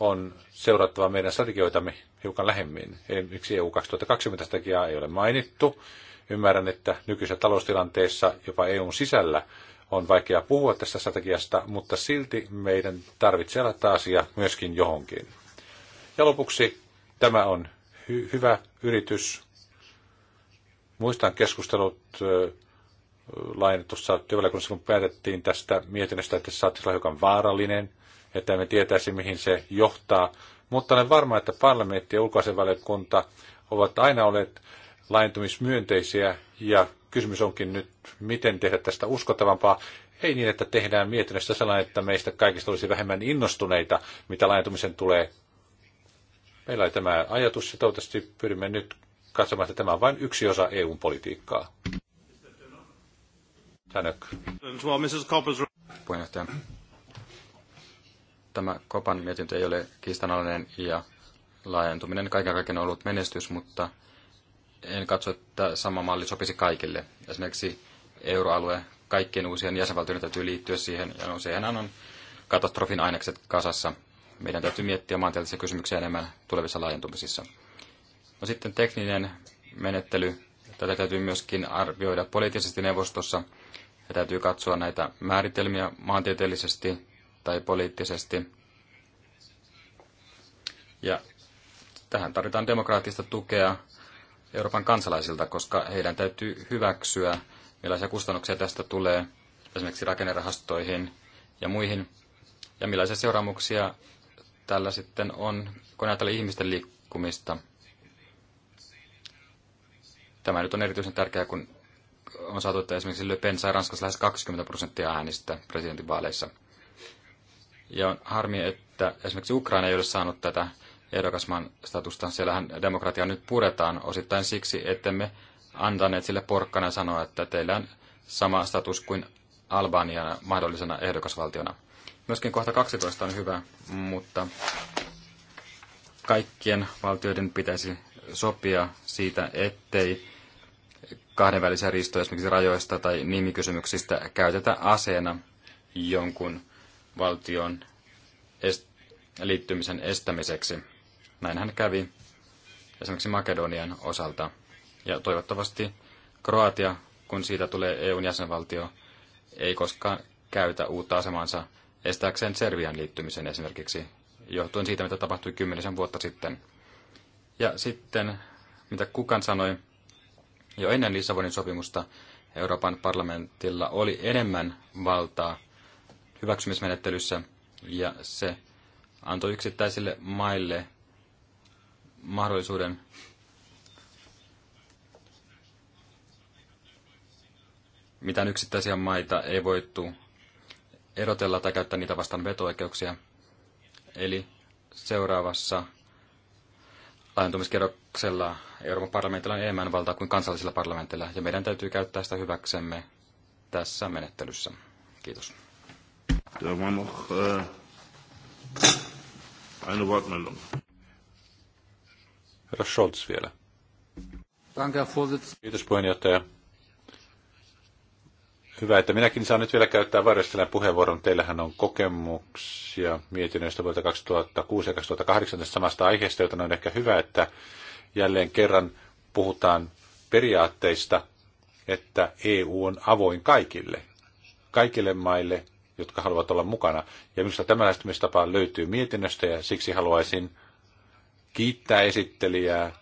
[SPEAKER 1] on seurattava meidän strategioitamme hiukan lähemmin. Esimerkiksi EU 2020 strategiaa ei ole mainittu. Ymmärrän, että nykyisessä taloustilanteessa jopa EUn sisällä on vaikea puhua tästä strategiasta, mutta silti meidän tarvitsee laittaa asia myöskin johonkin. Ja lopuksi tämä on hy- hyvä yritys. Muistan keskustelut laajennetussa työvaliokunnassa, kun päätettiin tästä mietinnöstä, että se saattaisi olla hiukan vaarallinen, että me tietäisi, mihin se johtaa. Mutta olen varma, että parlamentti ja ulkoasevaliokunta ovat aina olleet laajentumismyönteisiä ja kysymys onkin nyt, miten tehdä tästä uskottavampaa. Ei niin, että tehdään mietinnöstä sellainen, että meistä kaikista olisi vähemmän innostuneita, mitä laajentumisen tulee, Meillä oli tämä ajatus ja toivottavasti pyrimme nyt katsomaan, että tämä on vain yksi osa EUn politiikkaa.
[SPEAKER 2] Tänök. Puheenjohtaja. Tämä Kopan mietintö ei ole kiistanalainen ja laajentuminen kaiken kaiken on ollut menestys, mutta en katso, että sama malli sopisi kaikille. Esimerkiksi euroalue, kaikkien uusien jäsenvaltioiden täytyy liittyä siihen, ja no, sehän on katastrofin ainekset kasassa meidän täytyy miettiä maantieteellisiä kysymyksiä enemmän tulevissa laajentumisissa. No sitten tekninen menettely. Tätä täytyy myöskin arvioida poliittisesti neuvostossa. Ja täytyy katsoa näitä määritelmiä maantieteellisesti tai poliittisesti. Ja tähän tarvitaan demokraattista tukea Euroopan kansalaisilta, koska heidän täytyy hyväksyä, millaisia kustannuksia tästä tulee esimerkiksi rakennerahastoihin ja muihin, ja millaisia seuraamuksia tällä sitten on, kun ajatellaan ihmisten liikkumista. Tämä nyt on erityisen tärkeää, kun on saatu, että esimerkiksi Le Pen sai Ranskassa lähes 20 prosenttia äänistä presidentinvaaleissa. Ja on harmi, että esimerkiksi Ukraina ei ole saanut tätä ehdokasmaan statusta. Siellähän demokratia nyt puretaan osittain siksi, että me antaneet sille porkkana sanoa, että teillä on sama status kuin Albania mahdollisena ehdokasvaltiona. Myöskin kohta 12 on hyvä, mutta kaikkien valtioiden pitäisi sopia siitä, ettei kahdenvälisiä riistoja esimerkiksi rajoista tai nimikysymyksistä käytetä aseena jonkun valtion est- liittymisen estämiseksi. Näinhän kävi esimerkiksi Makedonian osalta. Ja toivottavasti Kroatia, kun siitä tulee EUn jäsenvaltio, ei koskaan käytä uutta asemansa estääkseen Serbian liittymisen esimerkiksi, johtuen siitä, mitä tapahtui kymmenisen vuotta sitten. Ja sitten, mitä Kukan sanoi, jo ennen Lissabonin sopimusta Euroopan parlamentilla oli enemmän valtaa hyväksymismenettelyssä, ja se antoi yksittäisille maille mahdollisuuden mitään yksittäisiä maita ei voittu erotella tai käyttää niitä vastaan veto Eli seuraavassa laajentumiskierroksella Euroopan parlamentilla on enemmän valtaa kuin kansallisilla parlamentilla, ja meidän täytyy käyttää sitä hyväksemme tässä menettelyssä. Kiitos. Uh, Herra Scholz vielä.
[SPEAKER 1] Kiitos puheenjohtaja. Hyvä, että minäkin saan nyt vielä käyttää varjostelijan puheenvuoron. Teillähän on kokemuksia mietinnöistä vuodelta 2006 ja 2018 samasta aiheesta, joten on ehkä hyvä, että jälleen kerran puhutaan periaatteista, että EU on avoin kaikille, kaikille maille, jotka haluavat olla mukana. Ja minusta tämä lähestymistapa löytyy mietinnöstä ja siksi haluaisin kiittää esittelijää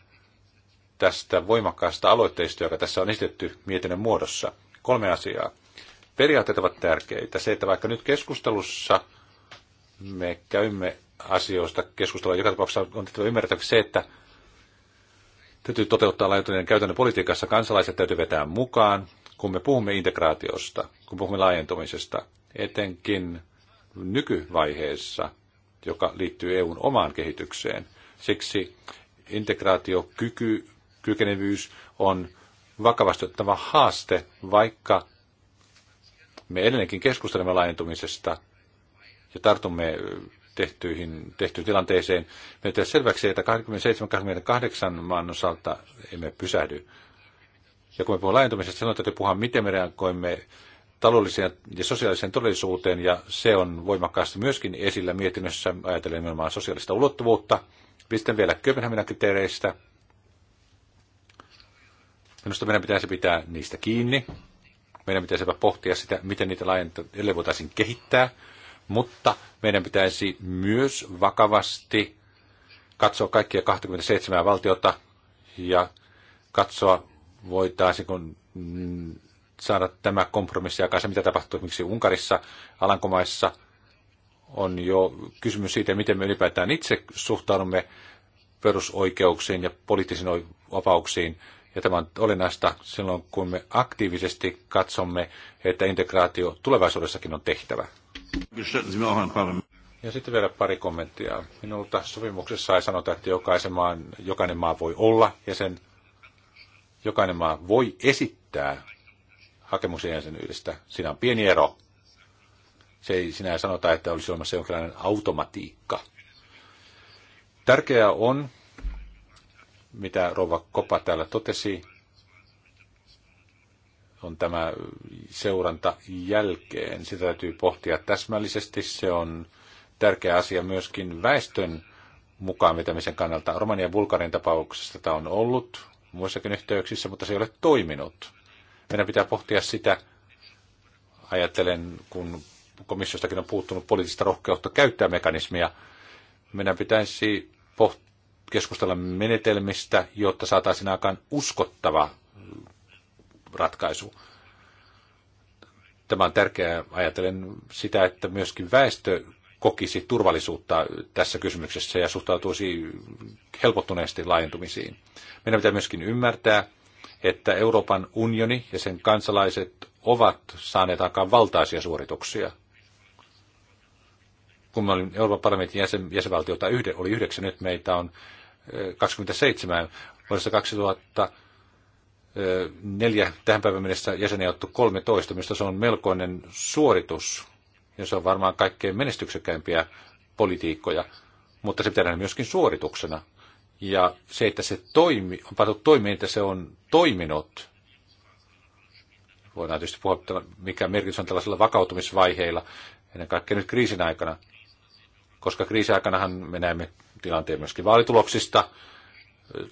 [SPEAKER 1] tästä voimakkaasta aloitteesta, joka tässä on esitetty mietinnön muodossa. Kolme asiaa periaatteet ovat tärkeitä. Se, että vaikka nyt keskustelussa me käymme asioista keskustelua, joka tapauksessa on tehtävä ymmärtää se, että täytyy toteuttaa laajentuneen käytännön politiikassa, kansalaiset täytyy vetää mukaan, kun me puhumme integraatiosta, kun puhumme laajentumisesta, etenkin nykyvaiheessa, joka liittyy EUn omaan kehitykseen. Siksi integraatiokyky, kykenevyys on vakavasti ottava haaste, vaikka me edelleenkin keskustelemme laajentumisesta ja tartumme tehtyihin, tehtyyn tilanteeseen. Me tehdään selväksi, että 27-28 maan osalta emme pysähdy. Ja kun me puhumme laajentumisesta, silloin täytyy puhua, miten me reagoimme taloudelliseen ja sosiaaliseen todellisuuteen, ja se on voimakkaasti myöskin esillä mietinnössä, ajatellen nimenomaan sosiaalista ulottuvuutta. Pistän vielä Kööpenhaminan kriteereistä. Minusta meidän pitäisi pitää niistä kiinni. Meidän pitäisi pohtia sitä, miten niitä laajentelee voitaisiin kehittää, mutta meidän pitäisi myös vakavasti katsoa kaikkia 27 valtiota ja katsoa, voitaisiinko saada tämä kompromissi aikaan. Se, mitä tapahtuu esimerkiksi Unkarissa, Alankomaissa, on jo kysymys siitä, miten me ylipäätään itse suhtaudumme perusoikeuksiin ja poliittisiin vapauksiin ja tämä on olennaista silloin, kun me aktiivisesti katsomme, että integraatio tulevaisuudessakin on tehtävä. Ja sitten vielä pari kommenttia. Minulta sopimuksessa ei sanota, että jokaisen maan, jokainen maa voi olla ja sen jokainen maa voi esittää hakemuksen jäsenyydestä. Siinä on pieni ero. Se ei sinä sanota, että olisi olemassa jonkinlainen automatiikka. Tärkeää on, mitä Rova Kopa täällä totesi, on tämä seuranta jälkeen. Sitä täytyy pohtia täsmällisesti. Se on tärkeä asia myöskin väestön mukaan vetämisen kannalta. Romania ja Bulgarian tapauksessa tämä on ollut muissakin yhteyksissä, mutta se ei ole toiminut. Meidän pitää pohtia sitä, ajattelen, kun komissiostakin on puuttunut poliittista rohkeutta käyttää mekanismia, meidän pitäisi pohtia keskustella menetelmistä, jotta saataisiin aikaan uskottava ratkaisu. Tämä on tärkeää ajatellen sitä, että myöskin väestö kokisi turvallisuutta tässä kysymyksessä ja suhtautuisi helpottuneesti laajentumisiin. Meidän pitää myöskin ymmärtää, että Euroopan unioni ja sen kansalaiset ovat saaneet aikaan valtaisia suorituksia – kun mä olin Euroopan parlamentin jäsen, jäsenvaltiota, yhde, oli yhdeksän, nyt meitä on 27. Vuodesta 2004 tähän päivän mennessä jäseniä ottu 13, mistä se on melkoinen suoritus. Ja se on varmaan kaikkein menestyksekkäimpiä politiikkoja, mutta se pitää nähdä myöskin suorituksena. Ja se, että se toimi, on pantu toimeen, että se on toiminut, voidaan tietysti puhua, mikä merkitys on tällaisilla vakautumisvaiheilla, ennen kaikkea nyt kriisin aikana koska kriisiaikanahan me näemme tilanteen myöskin vaalituloksista.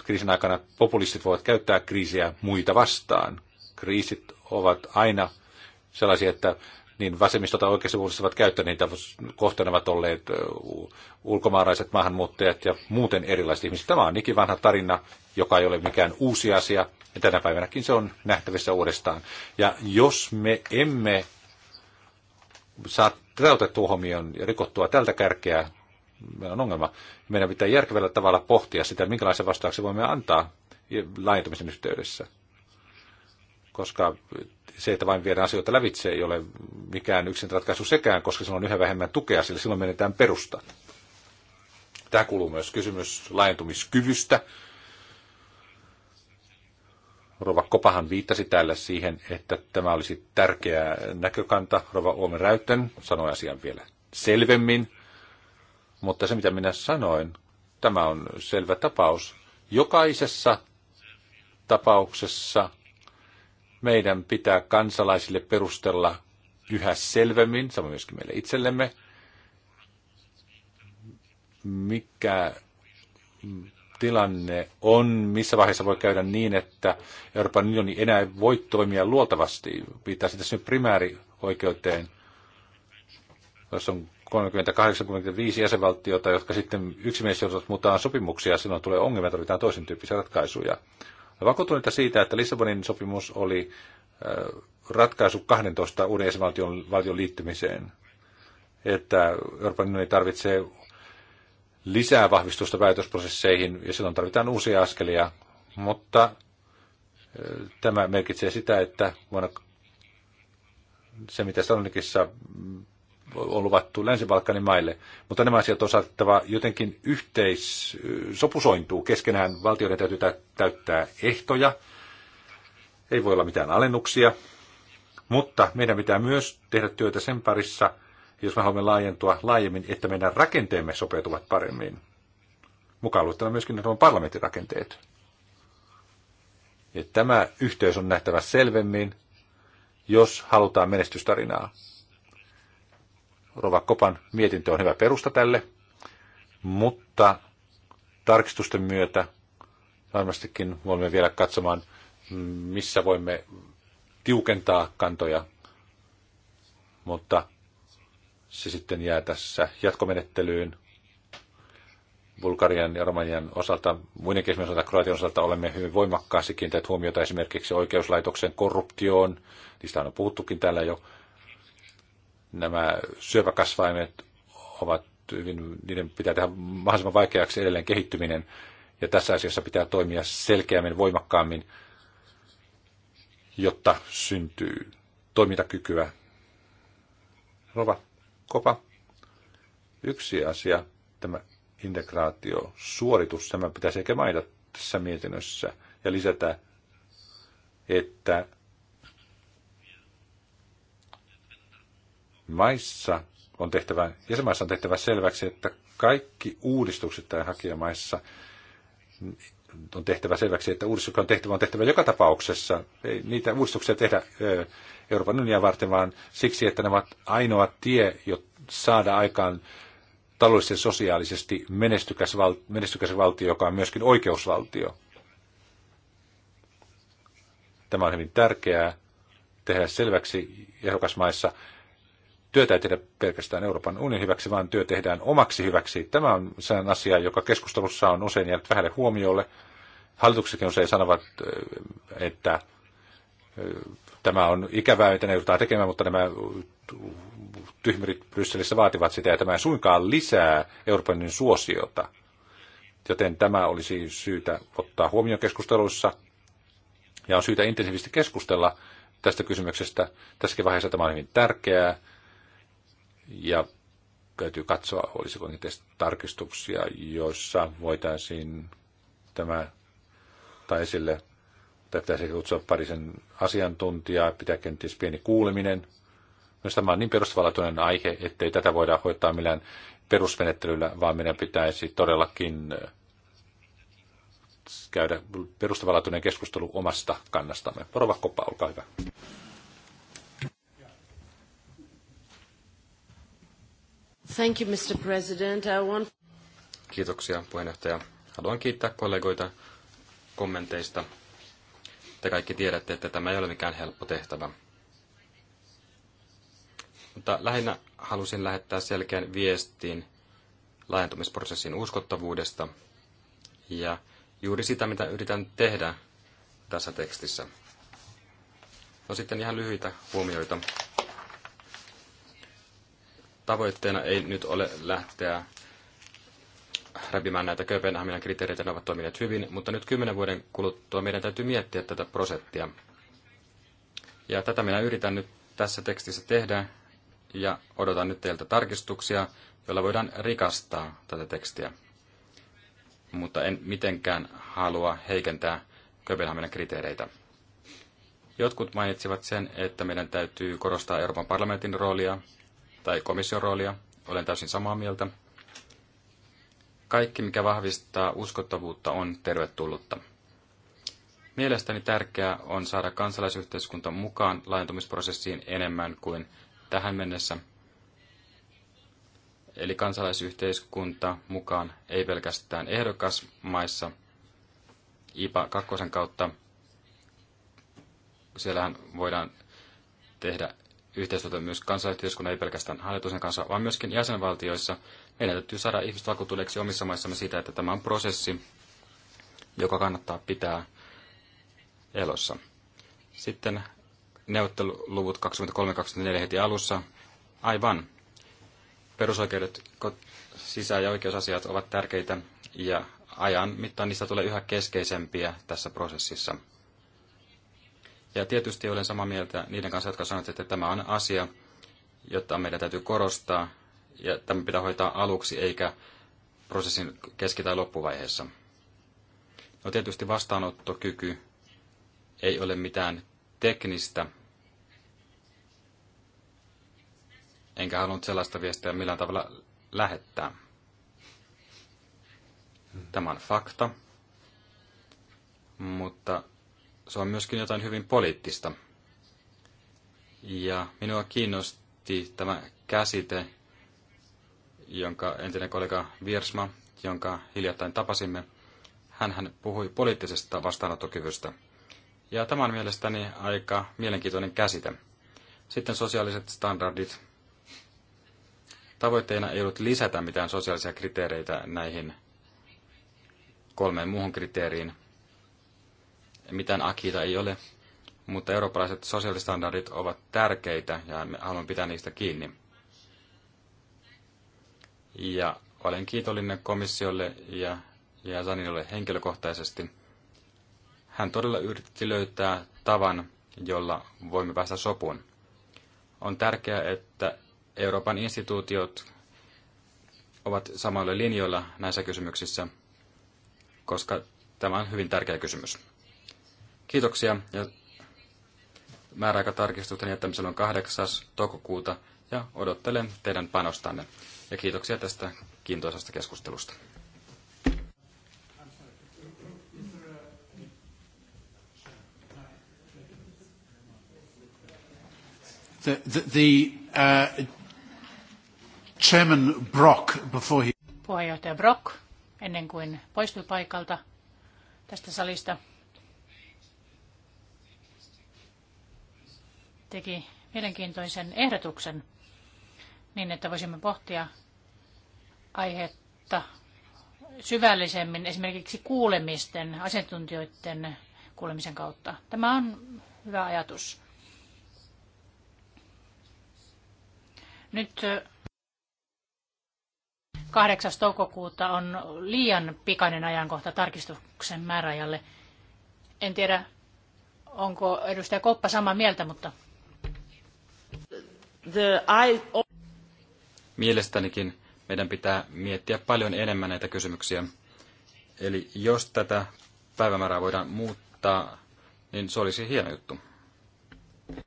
[SPEAKER 1] Kriisin aikana populistit voivat käyttää kriisiä muita vastaan. Kriisit ovat aina sellaisia, että niin tai oikeistopuoliset ovat käyttäneet niitä kohtaan ovat olleet ulkomaalaiset maahanmuuttajat ja muuten erilaiset ihmiset. Tämä on vanha tarina, joka ei ole mikään uusi asia, ja tänä päivänäkin se on nähtävissä uudestaan. Ja jos me emme saa tätä otettu huomioon ja rikottua tältä kärkeä, meillä on ongelma. Meidän pitää järkevällä tavalla pohtia sitä, minkälaisia vastauksen voimme antaa laajentumisen yhteydessä. Koska se, että vain viedään asioita lävitse, ei ole mikään yksin ratkaisu sekään, koska silloin on yhä vähemmän tukea, sillä silloin menetään perustat. Tämä kuuluu myös kysymys laajentumiskyvystä. Rova Kopahan viittasi täällä siihen, että tämä olisi tärkeä näkökanta. Rova Uomen Räytten sanoi asian vielä selvemmin. Mutta se, mitä minä sanoin, tämä on selvä tapaus. Jokaisessa tapauksessa meidän pitää kansalaisille perustella yhä selvemmin, samoin myöskin meille itsellemme, mikä tilanne on, missä vaiheessa voi käydä niin, että Euroopan unioni enää voi toimia luultavasti. Viittaisin tässä nyt primäärioikeuteen, jossa on 30-85 jäsenvaltiota, jotka sitten yksimielisesti joutuvat muuttaa sopimuksia, silloin tulee ongelmia, tarvitaan toisen tyyppisiä ratkaisuja. Vakuutuneita siitä, että Lissabonin sopimus oli äh, ratkaisu 12 uuden jäsenvaltion valtion liittymiseen, että Euroopan unioni tarvitsee lisää vahvistusta päätösprosesseihin ja silloin tarvitaan uusia askelia, mutta tämä merkitsee sitä, että vuonna se, mitä Salonikissa mm, on luvattu Länsi-Balkanin maille. Mutta nämä asiat on saatettava jotenkin yhteis, sopusointuu keskenään. Valtioiden täytyy täyttää ehtoja. Ei voi olla mitään alennuksia. Mutta meidän pitää myös tehdä työtä sen parissa – jos me haluamme laajentua laajemmin, että meidän rakenteemme sopeutuvat paremmin. Mukaan luettuna myöskin nämä parlamenttirakenteet. Ja tämä yhteys on nähtävä selvemmin, jos halutaan menestystarinaa. Rova Kopan mietintö on hyvä perusta tälle, mutta tarkistusten myötä varmastikin voimme vielä katsomaan, missä voimme tiukentaa kantoja. Mutta se sitten jää tässä jatkomenettelyyn. Bulgarian ja Romanian osalta, muidenkin esimerkiksi osalta, Kroatian osalta olemme hyvin voimakkaasti kiinteet huomiota esimerkiksi oikeuslaitoksen korruptioon. Niistä on puhuttukin täällä jo. Nämä syöpäkasvaimet ovat hyvin, niiden pitää tehdä mahdollisimman vaikeaksi edelleen kehittyminen. Ja tässä asiassa pitää toimia selkeämmin, voimakkaammin, jotta syntyy toimintakykyä. Rova kova. Yksi asia, tämä integraatio, suoritus, tämä pitäisi ehkä mainita tässä mietinnössä ja lisätä, että maissa on tehtävä, jäsenmaissa on tehtävä selväksi, että kaikki uudistukset tai hakijamaissa on tehtävä selväksi, että uudistukset on tehtävä, on tehtävä joka tapauksessa. Ei, niitä uudistuksia tehdä ö, Euroopan unionia varten, vaan siksi, että ne ovat ainoa tie jo saada aikaan taloudellisesti ja sosiaalisesti menestykäs, val, menestykäs valtio, joka on myöskin oikeusvaltio. Tämä on hyvin tärkeää tehdä selväksi ehdokasmaissa. Työtä ei tehdä pelkästään Euroopan unionin hyväksi, vaan työ tehdään omaksi hyväksi. Tämä on sellainen asia, joka keskustelussa on usein jäänyt vähälle huomiolle. Hallituksetkin usein sanovat, että Tämä on ikävää, mitä ne joudutaan tekemään, mutta nämä tyhmyrit Brysselissä vaativat sitä, ja tämä ei suinkaan lisää Euroopan unionin suosiota. Joten tämä olisi syytä ottaa huomioon keskusteluissa, ja on syytä intensiivisesti keskustella tästä kysymyksestä. Tässäkin vaiheessa tämä on hyvin tärkeää, ja täytyy katsoa, olisiko niitä tarkistuksia, joissa voitaisiin tämä tai esille tai pitäisi kutsua parisen asiantuntijaa, pitää kenties pieni kuuleminen. Myös tämä on niin perustavallatuinen aihe, ettei tätä voida hoitaa millään perusmenettelyllä, vaan meidän pitäisi todellakin äh, käydä perustavallatuinen keskustelu omasta kannastamme. Porova Koppa, olkaa hyvä.
[SPEAKER 3] Thank you, Mr. President. I want...
[SPEAKER 2] Kiitoksia puheenjohtaja. Haluan kiittää kollegoita kommenteista te kaikki tiedätte, että tämä ei ole mikään helppo tehtävä. Mutta lähinnä halusin lähettää selkeän viestin laajentumisprosessin uskottavuudesta ja juuri sitä, mitä yritän tehdä tässä tekstissä. No sitten ihan lyhyitä huomioita. Tavoitteena ei nyt ole lähteä repimään näitä Kööpenhaminan kriteereitä, ne ovat toimineet hyvin, mutta nyt kymmenen vuoden kuluttua meidän täytyy miettiä tätä prosenttia. Ja tätä minä yritän nyt tässä tekstissä tehdä, ja odotan nyt teiltä tarkistuksia, joilla voidaan rikastaa tätä tekstiä. Mutta en mitenkään halua heikentää Kööpenhaminan kriteereitä. Jotkut mainitsivat sen, että meidän täytyy korostaa Euroopan parlamentin roolia tai komission roolia. Olen täysin samaa mieltä. Kaikki, mikä vahvistaa uskottavuutta, on tervetullutta. Mielestäni tärkeää on saada kansalaisyhteiskunta mukaan laajentumisprosessiin enemmän kuin tähän mennessä. Eli kansalaisyhteiskunta mukaan ei pelkästään ehdokasmaissa IPA 2 kautta. Siellähän voidaan tehdä yhteistyötä myös kansalaisyhteiskunnan, ei pelkästään hallituksen kanssa, vaan myöskin jäsenvaltioissa, meidän täytyy saada ihmiset vakuutuneeksi omissa maissamme siitä, että tämä on prosessi, joka kannattaa pitää elossa. Sitten neuvotteluluvut 23-24 heti alussa. Aivan. Perusoikeudet, sisä- ja oikeusasiat ovat tärkeitä ja ajan mittaan niistä tulee yhä keskeisempiä tässä prosessissa. Ja tietysti olen samaa mieltä niiden kanssa, jotka sanovat, että tämä on asia, jota meidän täytyy korostaa ja tämä pitää hoitaa aluksi eikä prosessin keski- tai loppuvaiheessa. No tietysti vastaanottokyky ei ole mitään teknistä, enkä halunnut sellaista viestiä millään tavalla lähettää. Tämä on fakta, mutta se on myöskin jotain hyvin poliittista. Ja minua kiinnosti tämä käsite jonka entinen kollega Viersma, jonka hiljattain tapasimme, hän puhui poliittisesta vastaanottokyvystä. Ja tämä on mielestäni aika mielenkiintoinen käsite. Sitten sosiaaliset standardit. Tavoitteena ei ollut lisätä mitään sosiaalisia kriteereitä näihin kolmeen muuhun kriteeriin. Mitään akita ei ole, mutta eurooppalaiset sosiaalistandardit ovat tärkeitä ja me haluamme pitää niistä kiinni. Ja olen kiitollinen komissiolle ja, ja Sanille henkilökohtaisesti. Hän todella yritti löytää tavan, jolla voimme päästä sopuun. On tärkeää, että Euroopan instituutiot ovat samoilla linjoilla näissä kysymyksissä, koska tämä on hyvin tärkeä kysymys. Kiitoksia ja määräaikatarkistusten jättämisellä on 8. toukokuuta ja odottelen teidän panostanne. Ja kiitoksia tästä kiintoisasta keskustelusta.
[SPEAKER 1] The, the, the uh, Chairman Brock, before he...
[SPEAKER 3] Puheenjohtaja Brock, ennen kuin poistui paikalta tästä salista, teki mielenkiintoisen ehdotuksen – niin että voisimme pohtia aihetta syvällisemmin esimerkiksi kuulemisten, asiantuntijoiden kuulemisen kautta. Tämä on hyvä ajatus. Nyt 8. toukokuuta on liian pikainen ajankohta tarkistuksen määräajalle. En tiedä, onko edustaja Koppa samaa mieltä, mutta... The, I
[SPEAKER 2] mielestänikin meidän pitää miettiä paljon enemmän näitä kysymyksiä. Eli jos tätä päivämäärää voidaan muuttaa, niin se olisi hieno juttu.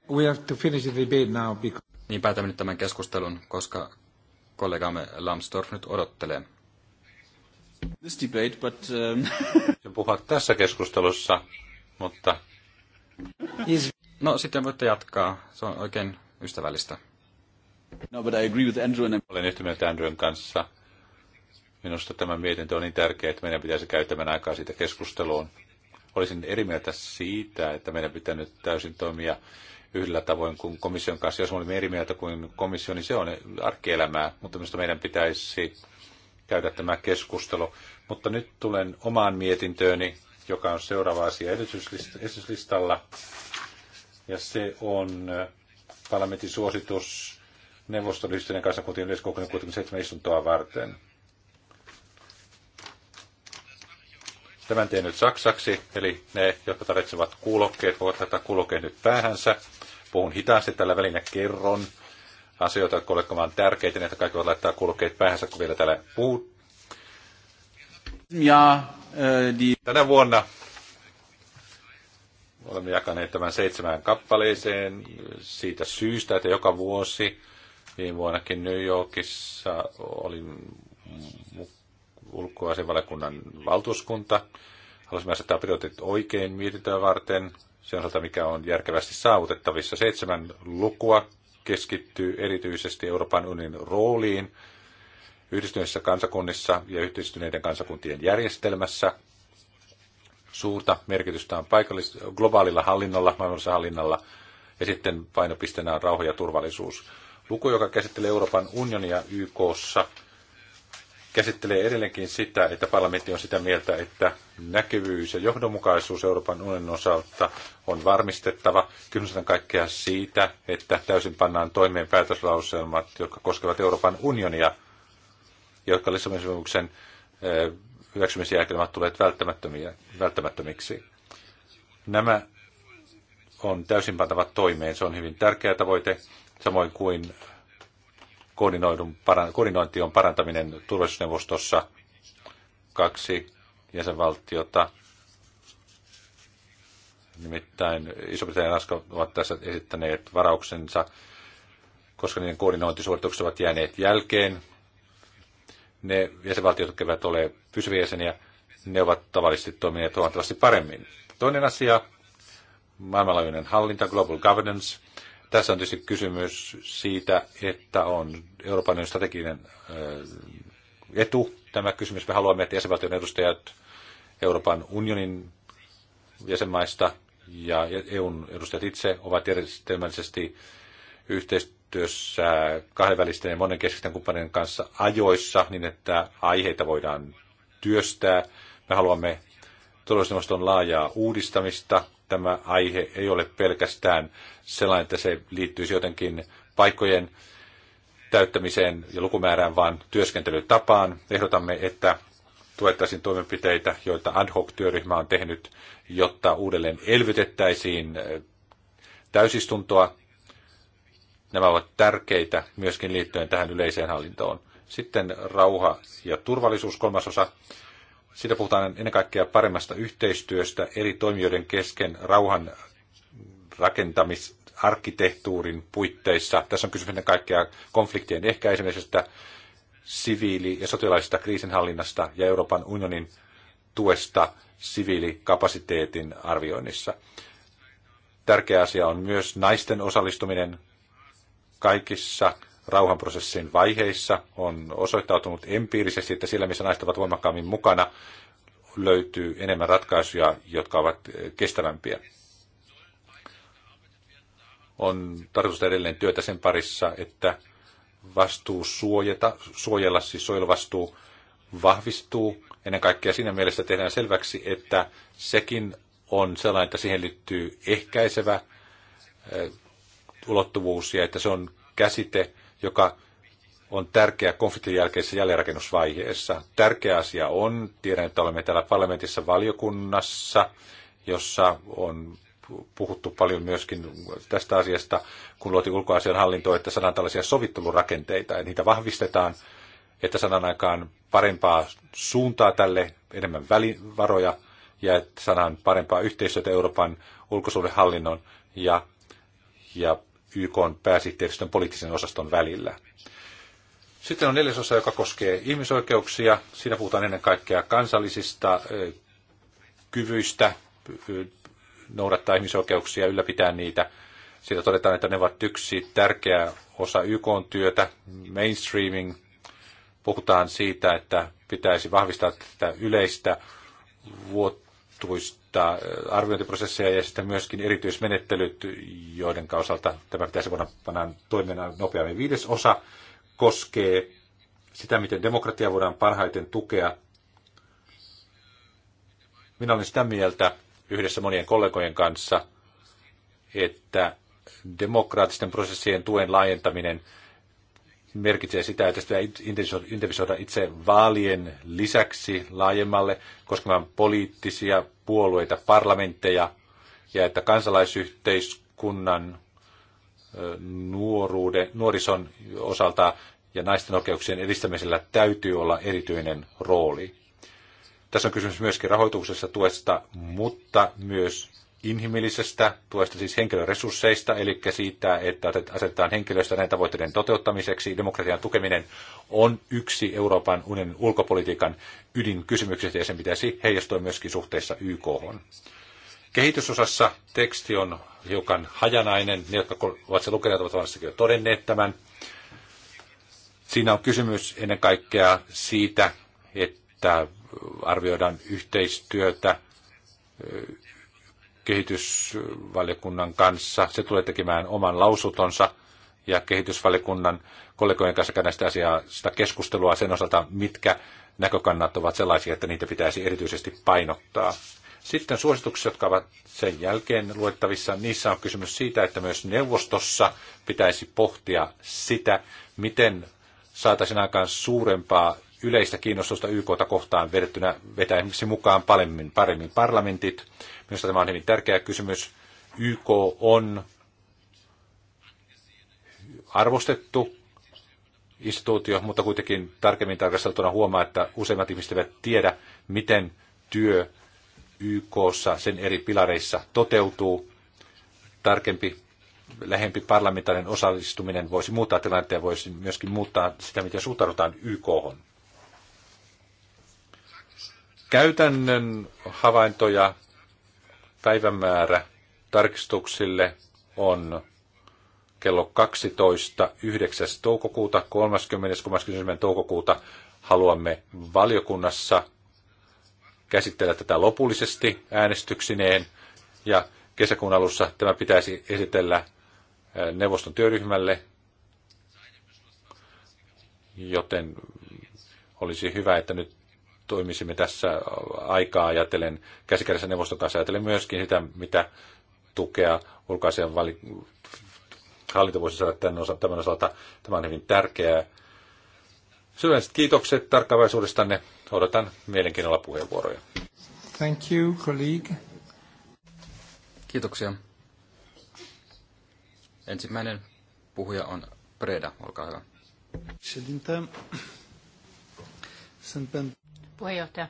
[SPEAKER 2] We have to finish the debate now because... Niin päätämme nyt tämän keskustelun, koska kollegamme Lambsdorff nyt odottelee. This debate, but... Um... puhua tässä keskustelussa, mutta... No sitten voitte jatkaa. Se on oikein ystävällistä. No, but I agree with Andrew and... Olen yhtä mieltä Andrewn kanssa.
[SPEAKER 1] Minusta tämä mietintö on niin tärkeä, että meidän pitäisi käyttämään aikaa siitä keskusteluun. Olisin eri mieltä siitä, että meidän pitää nyt täysin toimia yhdellä tavoin kuin komission kanssa. Jos olemme eri mieltä kuin komissio, niin se on arkielämää, mutta minusta meidän pitäisi käydä tämä keskustelu. Mutta nyt tulen omaan mietintööni, joka on seuraava asia esityslistalla. Ja se on äh, parlamentin suositus neuvoston liittyneen kansakuntien yleiskokouksen 67 istuntoa varten. Tämän teen nyt saksaksi, eli ne, jotka tarvitsevat kuulokkeet, voivat tätä kuulokkeet nyt päähänsä. Puhun hitaasti tällä välinä kerron asioita, jotka ovat vaan tärkeitä, niin että kaikki voivat laittaa kuulokkeet päähänsä, kun vielä täällä puhut. Ja, äh, di- Tänä vuonna olemme jakaneet tämän seitsemään kappaleeseen siitä syystä, että joka vuosi Viime vuonnakin New Yorkissa oli ulkoasianvaliokunnan valtuuskunta. Halusimme asettaa prioriteet oikein mietintöä varten. Se on sieltä, mikä on järkevästi saavutettavissa. Seitsemän lukua keskittyy erityisesti Euroopan unionin rooliin yhdistyneissä kansakunnissa ja yhdistyneiden kansakuntien järjestelmässä. Suurta merkitystä on paikallis- globaalilla hallinnolla, maailmallisella hallinnalla, ja sitten painopisteenä on rauha ja turvallisuus. Luku, joka käsittelee Euroopan unionia YKssa, käsittelee edelleenkin sitä, että parlamentti on sitä mieltä, että näkyvyys ja johdonmukaisuus Euroopan unionin osalta on varmistettava. Kysymys on kaikkea siitä, että täysin pannaan toimeen päätöslauselmat, jotka koskevat Euroopan unionia, jotka Lissabonin sopimuksen eh, hyväksymisen jälkeen ovat tulleet välttämättömiksi. Nämä on täysin pantava toimeen. Se on hyvin tärkeä tavoite samoin kuin koordinointi on parantaminen turvallisuusneuvostossa kaksi jäsenvaltiota, nimittäin Iso-Britannia ja Ranska ovat tässä esittäneet varauksensa, koska niiden koordinointisuoritukset ovat jääneet jälkeen. Ne jäsenvaltiot, jotka eivät ole pysyviä jäseniä, ne ovat tavallisesti toimineet huomattavasti paremmin. Toinen asia, maailmanlaajuinen hallinta, global governance, tässä on tietysti kysymys siitä, että on Euroopan strateginen etu tämä kysymys. Me haluamme, että jäsenvaltion edustajat Euroopan unionin jäsenmaista ja EUn edustajat itse ovat järjestelmällisesti yhteistyössä kahdenvälisten ja monenkeskisten kumppanien kanssa ajoissa niin, että aiheita voidaan työstää. Me haluamme turvallisuusneuvoston laajaa uudistamista tämä aihe ei ole pelkästään sellainen, että se liittyisi jotenkin paikkojen täyttämiseen ja lukumäärään, vaan työskentelytapaan. Ehdotamme, että tuettaisiin toimenpiteitä, joita ad hoc-työryhmä on tehnyt, jotta uudelleen elvytettäisiin täysistuntoa. Nämä ovat tärkeitä myöskin liittyen tähän yleiseen hallintoon. Sitten rauha ja turvallisuus, kolmasosa siinä puhutaan ennen kaikkea paremmasta yhteistyöstä eri toimijoiden kesken rauhan rakentamisarkkitehtuurin puitteissa. Tässä on kysymys ennen kaikkea konfliktien ehkäisemisestä, siviili- ja sotilaallisesta kriisinhallinnasta ja Euroopan unionin tuesta siviilikapasiteetin arvioinnissa. Tärkeä asia on myös naisten osallistuminen kaikissa rauhanprosessin vaiheissa on osoittautunut empiirisesti, että siellä missä naiset ovat voimakkaammin mukana, löytyy enemmän ratkaisuja, jotka ovat eh, kestävämpiä. On tarkoitus edelleen työtä sen parissa, että vastuu suojata, suojella, siis suojeluvastuu vahvistuu. Ennen kaikkea siinä mielessä tehdään selväksi, että sekin on sellainen, että siihen liittyy ehkäisevä eh, ulottuvuus ja että se on käsite, joka on tärkeä konfliktin jälkeisessä jälleenrakennusvaiheessa. Tärkeä asia on, tiedän, että olemme täällä parlamentissa valiokunnassa, jossa on puhuttu paljon myöskin tästä asiasta, kun luotiin ulkoasian hallintoa, että saadaan tällaisia sovittelurakenteita, että niitä vahvistetaan, että saadaan aikaan parempaa suuntaa tälle, enemmän välivaroja ja että saadaan parempaa yhteistyötä Euroopan ulkosuudenhallinnon ja, ja YK pääsihteeristön poliittisen osaston välillä. Sitten on neljäs osa, joka koskee ihmisoikeuksia. Siinä puhutaan ennen kaikkea kansallisista kyvyistä noudattaa ihmisoikeuksia, ylläpitää niitä. Siitä todetaan, että ne ovat yksi tärkeä osa YK-työtä, mainstreaming. Puhutaan siitä, että pitäisi vahvistaa tätä yleistä vuotuista muuttaa äh, arviointiprosesseja ja sitten myöskin erityismenettelyt, joiden osalta tämä pitäisi voida panna toiminnan nopeammin. Viides osa koskee sitä, miten demokratia voidaan parhaiten tukea. Minä olen sitä mieltä yhdessä monien kollegojen kanssa, että demokraattisten prosessien tuen laajentaminen – merkitsee sitä, että sitä intensisoida itse vaalien lisäksi laajemmalle koskemaan poliittisia puolueita, parlamentteja ja että kansalaisyhteiskunnan nuoruuden, nuorison osalta ja naisten oikeuksien edistämisellä täytyy olla erityinen rooli. Tässä on kysymys myöskin rahoituksessa tuesta, mutta myös inhimillisestä tuesta, siis henkilöresursseista, eli siitä, että asetetaan henkilöstä näiden tavoitteiden toteuttamiseksi. Demokratian tukeminen on yksi Euroopan unionin ulkopolitiikan ydinkysymyksistä, ja sen pitäisi heijastua myöskin suhteessa YK. hon Kehitysosassa teksti on hiukan hajanainen. Ne, jotka ovat se lukeneet, ovat varmastikin jo todenneet tämän. Siinä on kysymys ennen kaikkea siitä, että arvioidaan yhteistyötä kehitysvaliokunnan kanssa. Se tulee tekemään oman lausutonsa ja kehitysvaliokunnan kollegojen kanssa käydään sitä asiaa, sitä keskustelua sen osalta, mitkä näkökannat ovat sellaisia, että niitä pitäisi erityisesti painottaa. Sitten suositukset, jotka ovat sen jälkeen luettavissa, niissä on kysymys siitä, että myös neuvostossa pitäisi pohtia sitä, miten saataisiin aikaan suurempaa yleistä kiinnostusta YKta kohtaan vedettynä vetää esimerkiksi mukaan paremmin, paremmin parlamentit. Minusta tämä on hyvin tärkeä kysymys. YK on arvostettu instituutio, mutta kuitenkin tarkemmin tarkasteltuna huomaa, että useimmat ihmiset eivät tiedä, miten työ YKssa sen eri pilareissa toteutuu. Tarkempi, lähempi parlamentaarinen osallistuminen voisi muuttaa tilanteen, voisi myöskin muuttaa sitä, miten suhtaudutaan YKhon. Käytännön havaintoja päivämäärä tarkistuksille on kello 12. 9. toukokuuta, 30. 30. toukokuuta haluamme valiokunnassa käsitellä tätä lopullisesti äänestyksineen ja kesäkuun alussa tämä pitäisi esitellä neuvoston työryhmälle, joten olisi hyvä, että nyt toimisimme tässä aikaa ajatellen, käsikädessä neuvoston kanssa ajatellen myöskin sitä, mitä tukea ulkoasian vali- hallinto voisi saada tämän, osa- tämän osalta. Tämä on hyvin tärkeää. Syvälliset kiitokset tarkkaavaisuudestanne.
[SPEAKER 2] Odotan mielenkiinnolla puheenvuoroja.
[SPEAKER 1] Thank you, colleague.
[SPEAKER 2] Kiitoksia. Ensimmäinen puhuja on Preda, olkaa hyvä
[SPEAKER 3] puheenjohtaja.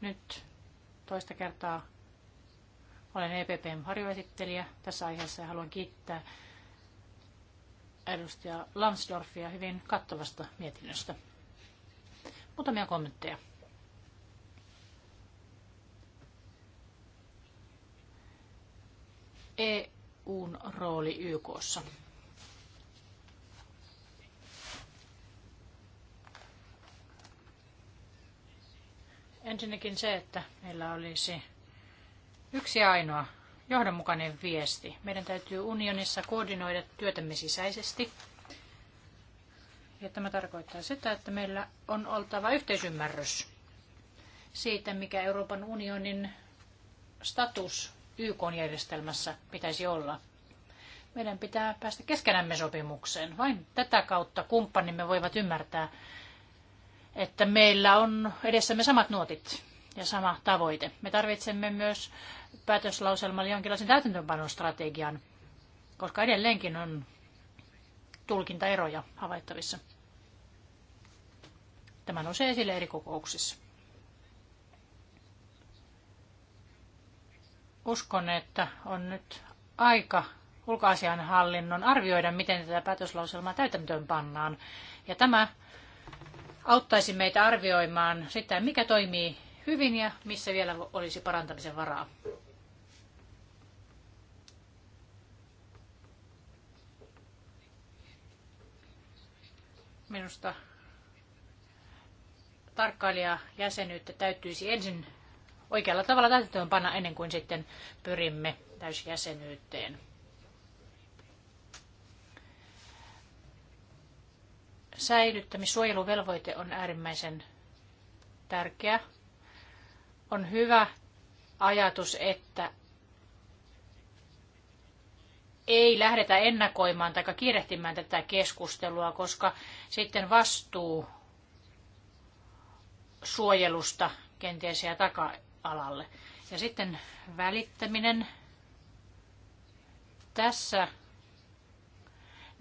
[SPEAKER 3] Nyt toista kertaa olen EPPn harjoesittelijä tässä aiheessa ja haluan kiittää edustaja Lansdorfia hyvin kattavasta mietinnöstä. Muutamia kommentteja. EUn rooli YKssa. Ensinnäkin se, että meillä olisi yksi ainoa johdonmukainen viesti. Meidän täytyy unionissa koordinoida työtämme sisäisesti. Ja tämä tarkoittaa sitä, että meillä on oltava yhteisymmärrys siitä, mikä Euroopan unionin status YK-järjestelmässä pitäisi olla. Meidän pitää päästä keskenämme sopimukseen. Vain tätä kautta kumppanimme voivat ymmärtää, että meillä on edessämme samat nuotit ja sama tavoite. Me tarvitsemme myös päätöslauselmalle jonkinlaisen täytäntöönpanostrategian, koska edelleenkin on tulkintaeroja havaittavissa. Tämä nousee esille eri kokouksissa. Uskon, että on nyt aika ulkoasianhallinnon arvioida, miten tätä päätöslauselmaa täytäntöön pannaan. Ja tämä auttaisi meitä arvioimaan sitä, mikä toimii hyvin ja missä vielä olisi parantamisen varaa. Minusta tarkkailijajäsenyyttä täytyisi ensin oikealla tavalla täytäntöön panna ennen kuin sitten pyrimme täysjäsenyyteen. säilyttämissuojeluvelvoite on äärimmäisen tärkeä. On hyvä ajatus, että ei lähdetä ennakoimaan tai kiirehtimään tätä keskustelua, koska sitten vastuu suojelusta kenties ja taka-alalle. Ja sitten välittäminen. Tässä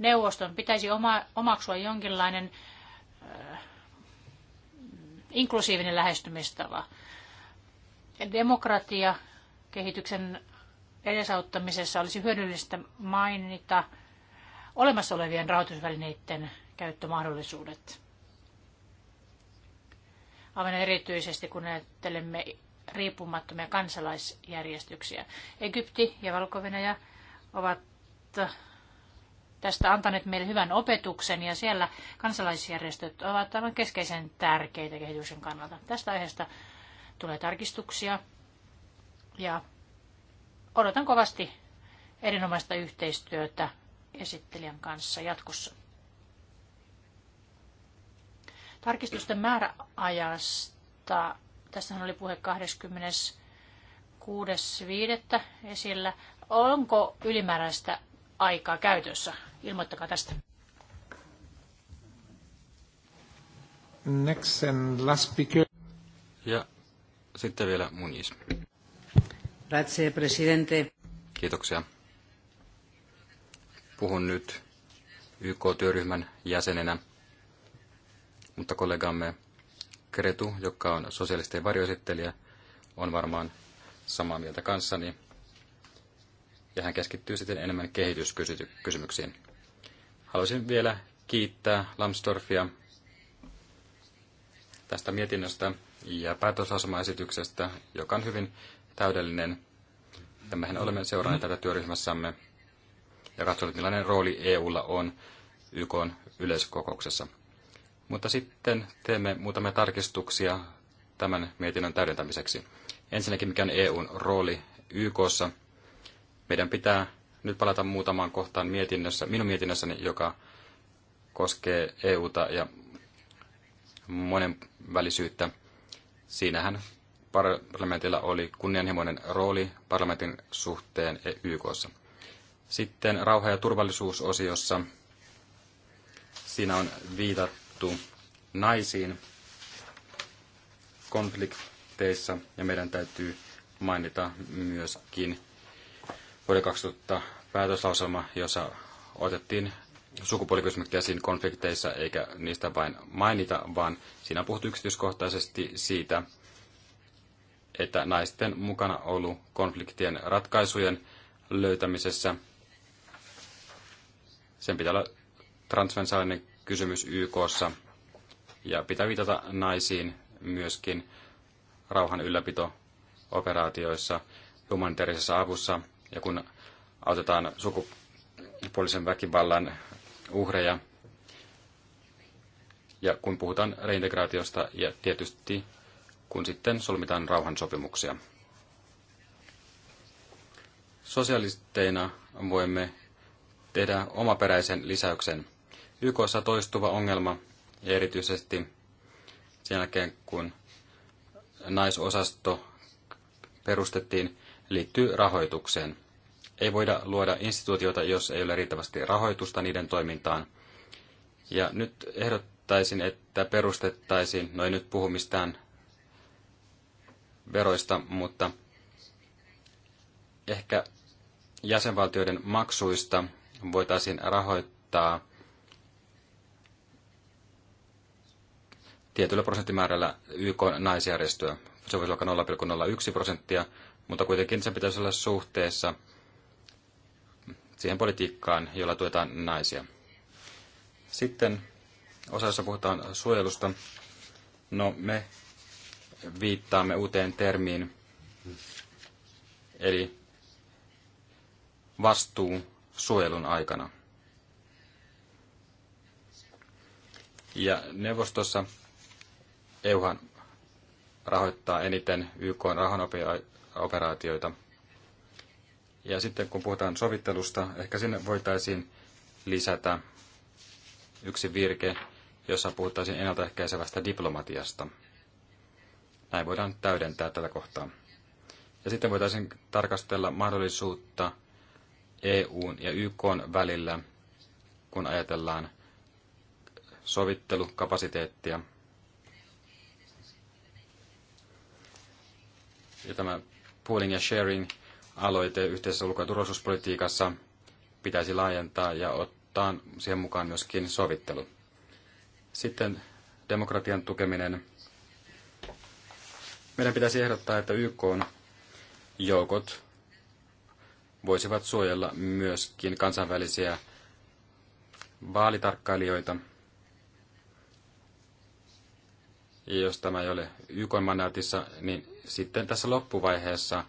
[SPEAKER 3] neuvoston pitäisi oma, omaksua jonkinlainen äh, inklusiivinen lähestymistapa. Demokratia kehityksen edesauttamisessa olisi hyödyllistä mainita olemassa olevien rahoitusvälineiden käyttömahdollisuudet. Aivan erityisesti kun ajattelemme riippumattomia kansalaisjärjestyksiä. Egypti ja valko ovat tästä antaneet meille hyvän opetuksen ja siellä kansalaisjärjestöt ovat aivan keskeisen tärkeitä kehityksen kannalta. Tästä aiheesta tulee tarkistuksia ja odotan kovasti erinomaista yhteistyötä esittelijän kanssa jatkossa. Tarkistusten määräajasta, tässä oli puhe 26.5. esillä, onko ylimääräistä aikaa käytössä. Ilmoittakaa tästä.
[SPEAKER 1] Next and last speaker.
[SPEAKER 2] Ja sitten vielä Muniz.
[SPEAKER 1] Grazie, presidente.
[SPEAKER 2] Kiitoksia. Puhun nyt YK-työryhmän jäsenenä, mutta kollegamme Kretu, joka on sosiaalisten varjoesittelijä, on varmaan samaa mieltä kanssani ja hän keskittyy sitten enemmän kehityskysymyksiin. Haluaisin vielä kiittää Lambsdorffia tästä mietinnöstä ja päätösasemaesityksestä, joka on hyvin täydellinen. Ja mehän olemme seuranneet tätä työryhmässämme ja katsoneet, millainen rooli EUlla on YK yleiskokouksessa. Mutta sitten teemme muutamia tarkistuksia tämän mietinnön täydentämiseksi. Ensinnäkin, mikä on EUn rooli YKssa meidän pitää nyt palata muutamaan kohtaan mietinnössä, minun mietinnössäni, joka koskee EUta ja monen välisyyttä. Siinähän parlamentilla oli kunnianhimoinen rooli parlamentin suhteen e- YKssa. Sitten rauha- ja turvallisuusosiossa siinä on viitattu naisiin konflikteissa ja meidän täytyy mainita myöskin vuoden 2000 päätöslauselma, jossa otettiin sukupuolikysymyksiä siinä konflikteissa, eikä niistä vain mainita, vaan siinä on puhuttu yksityiskohtaisesti siitä, että naisten mukana ollut konfliktien ratkaisujen löytämisessä. Sen pitää olla transversaalinen kysymys YKssa ja pitää viitata naisiin myöskin rauhan ylläpito operaatioissa, humanitaarisessa avussa ja kun autetaan sukupuolisen väkivallan uhreja, ja kun puhutaan reintegraatiosta ja tietysti kun sitten solmitaan rauhansopimuksia. Sosialisteina voimme tehdä omaperäisen lisäyksen. YKssa toistuva ongelma, ja erityisesti sen jälkeen kun naisosasto perustettiin, liittyy rahoitukseen. Ei voida luoda instituutioita, jos ei ole riittävästi rahoitusta niiden toimintaan. Ja nyt ehdottaisin, että perustettaisiin, no ei nyt puhu mistään veroista, mutta ehkä jäsenvaltioiden maksuista voitaisiin rahoittaa tietyllä prosenttimäärällä YK naisjärjestöä. Se voisi olla 0,01 prosenttia, mutta kuitenkin sen pitäisi olla suhteessa siihen politiikkaan, jolla tuetaan naisia. Sitten osassa puhutaan suojelusta. No me viittaamme uuteen termiin, eli vastuu suojelun aikana. Ja neuvostossa EUhan rahoittaa eniten YK operaatioita. Ja sitten kun puhutaan sovittelusta, ehkä sinne voitaisiin lisätä yksi virke, jossa puhuttaisiin ennaltaehkäisevästä diplomatiasta. Näin voidaan täydentää tätä kohtaa. Ja sitten voitaisiin tarkastella mahdollisuutta EUn ja YKn välillä, kun ajatellaan sovittelukapasiteettia. Ja tämä pooling ja sharing aloite yhteisessä ulko- ja turvallisuuspolitiikassa pitäisi laajentaa ja ottaa siihen mukaan myöskin sovittelu. Sitten demokratian tukeminen. Meidän pitäisi ehdottaa, että YK on joukot voisivat suojella myöskin kansainvälisiä vaalitarkkailijoita. Ja jos tämä ei ole YK mandaatissa, niin sitten tässä loppuvaiheessa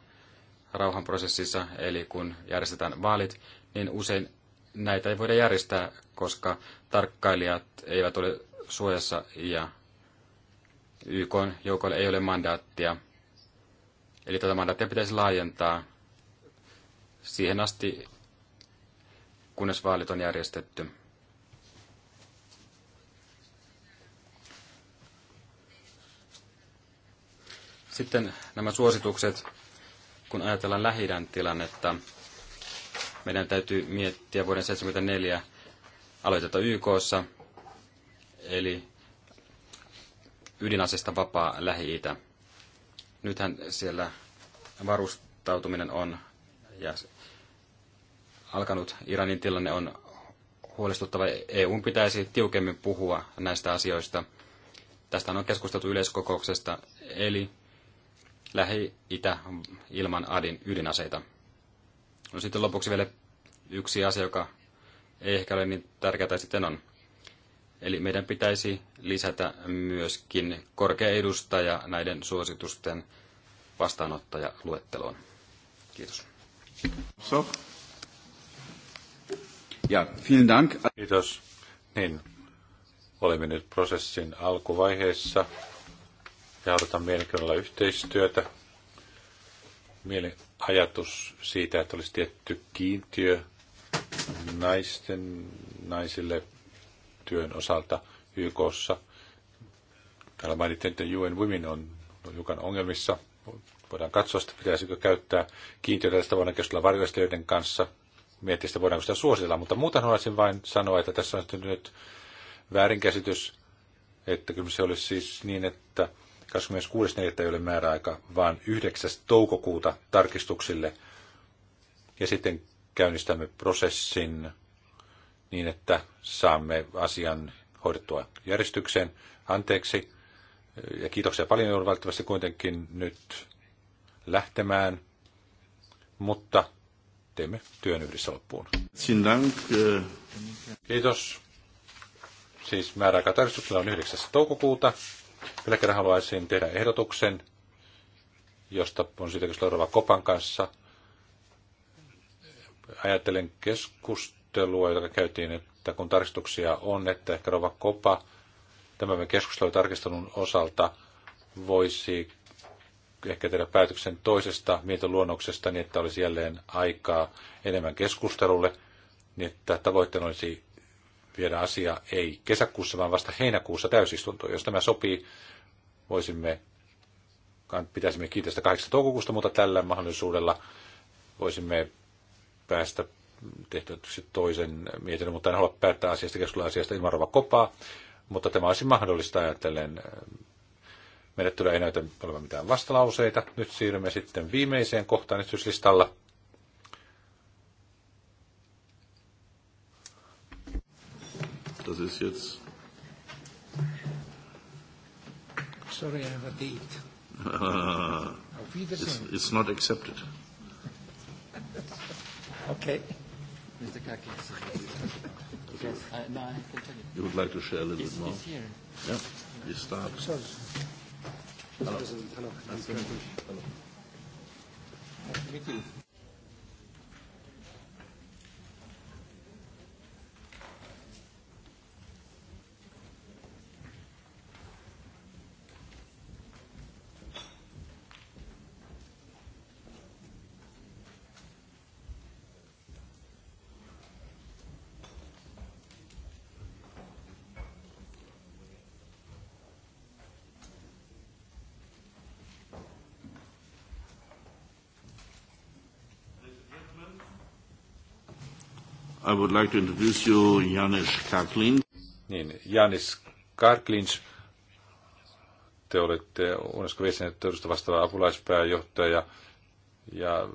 [SPEAKER 2] rauhanprosessissa, eli kun järjestetään vaalit, niin usein näitä ei voida järjestää, koska tarkkailijat eivät ole suojassa ja YK joukolle ei ole mandaattia. Eli tätä mandaattia pitäisi laajentaa siihen asti, kunnes vaalit on järjestetty. Sitten nämä suositukset, kun ajatellaan lähi tilannetta, meidän täytyy miettiä vuoden 1974 aloitetta YKssa, eli ydinasesta vapaa Lähi-Itä. Nythän siellä varustautuminen on ja alkanut. Iranin tilanne on huolestuttava. EU pitäisi tiukemmin puhua näistä asioista. Tästä on keskusteltu yleiskokouksesta, eli Lähi-Itä ilman Adin ydinaseita. No sitten lopuksi vielä yksi asia, joka ei ehkä ole niin tärkeää sitten on. Eli meidän pitäisi lisätä myöskin korkea edustaja näiden suositusten vastaanottajaluetteloon. Kiitos. So. Ja, vielen dank. Kiitos.
[SPEAKER 1] Niin, olemme nyt prosessin alkuvaiheessa ja odotan mielenkiinnolla yhteistyötä. Mielen ajatus siitä, että olisi tietty kiintiö naisten, naisille työn osalta YKssa. Täällä mainittiin, että UN Women on hiukan ongelmissa. Voidaan katsoa, että pitäisikö käyttää kiintiötä. Tästä voidaan keskustella varjoistelijoiden kanssa. Miettiä sitä, voidaanko sitä suositella. Mutta muuten haluaisin vain sanoa, että tässä on nyt väärinkäsitys, että kyllä se olisi siis niin, että 26.4. ei ole määräaika, vaan 9. toukokuuta tarkistuksille. Ja sitten käynnistämme prosessin niin, että saamme asian hoidettua järjestykseen. Anteeksi ja kiitoksia paljon joudun välttämättä kuitenkin nyt lähtemään, mutta teemme työn yhdessä loppuun. Äh. Kiitos. Siis määräaika tarkistuksella on 9. toukokuuta. Tällä kerran haluaisin tehdä ehdotuksen, josta on siitä keskustelua Kopan kanssa. Ajattelen keskustelua, joka käytiin, että kun tarkistuksia on, että ehkä Rova Kopa tämän keskustelun tarkistelun osalta voisi ehkä tehdä päätöksen toisesta mietoluonnoksesta niin, että olisi jälleen aikaa enemmän keskustelulle, niin että tavoitteena olisi viedä asia ei kesäkuussa, vaan vasta heinäkuussa täysistuntoon. Jos tämä sopii, voisimme, pitäisimme kiinteistä 8. toukokuusta, mutta tällä mahdollisuudella voisimme päästä tehtäväksi toisen mietinnön, mutta en halua päättää asiasta, keskustella asiasta ilman rova kopaa, mutta tämä olisi mahdollista ajatellen menettelyä ei näytä olevan mitään vastalauseita. Nyt siirrymme sitten viimeiseen kohtaan esityslistalla. Das ist jetzt. Sorry, I have a date. Uh, it's, it's not accepted.
[SPEAKER 2] okay. Mr. Kakis. yes, uh, no, I continue. You would like to share a little he's, bit more? He's here. Yeah, you start. Sorry.
[SPEAKER 1] Hello. Hello. Hello. Hello. Hello. Hello. I would like to introduce you Janis Karklin. Niin, Janis Karklins, te olette Unesco-viestinnäyttelystä vastaava apulaispääjohtaja ja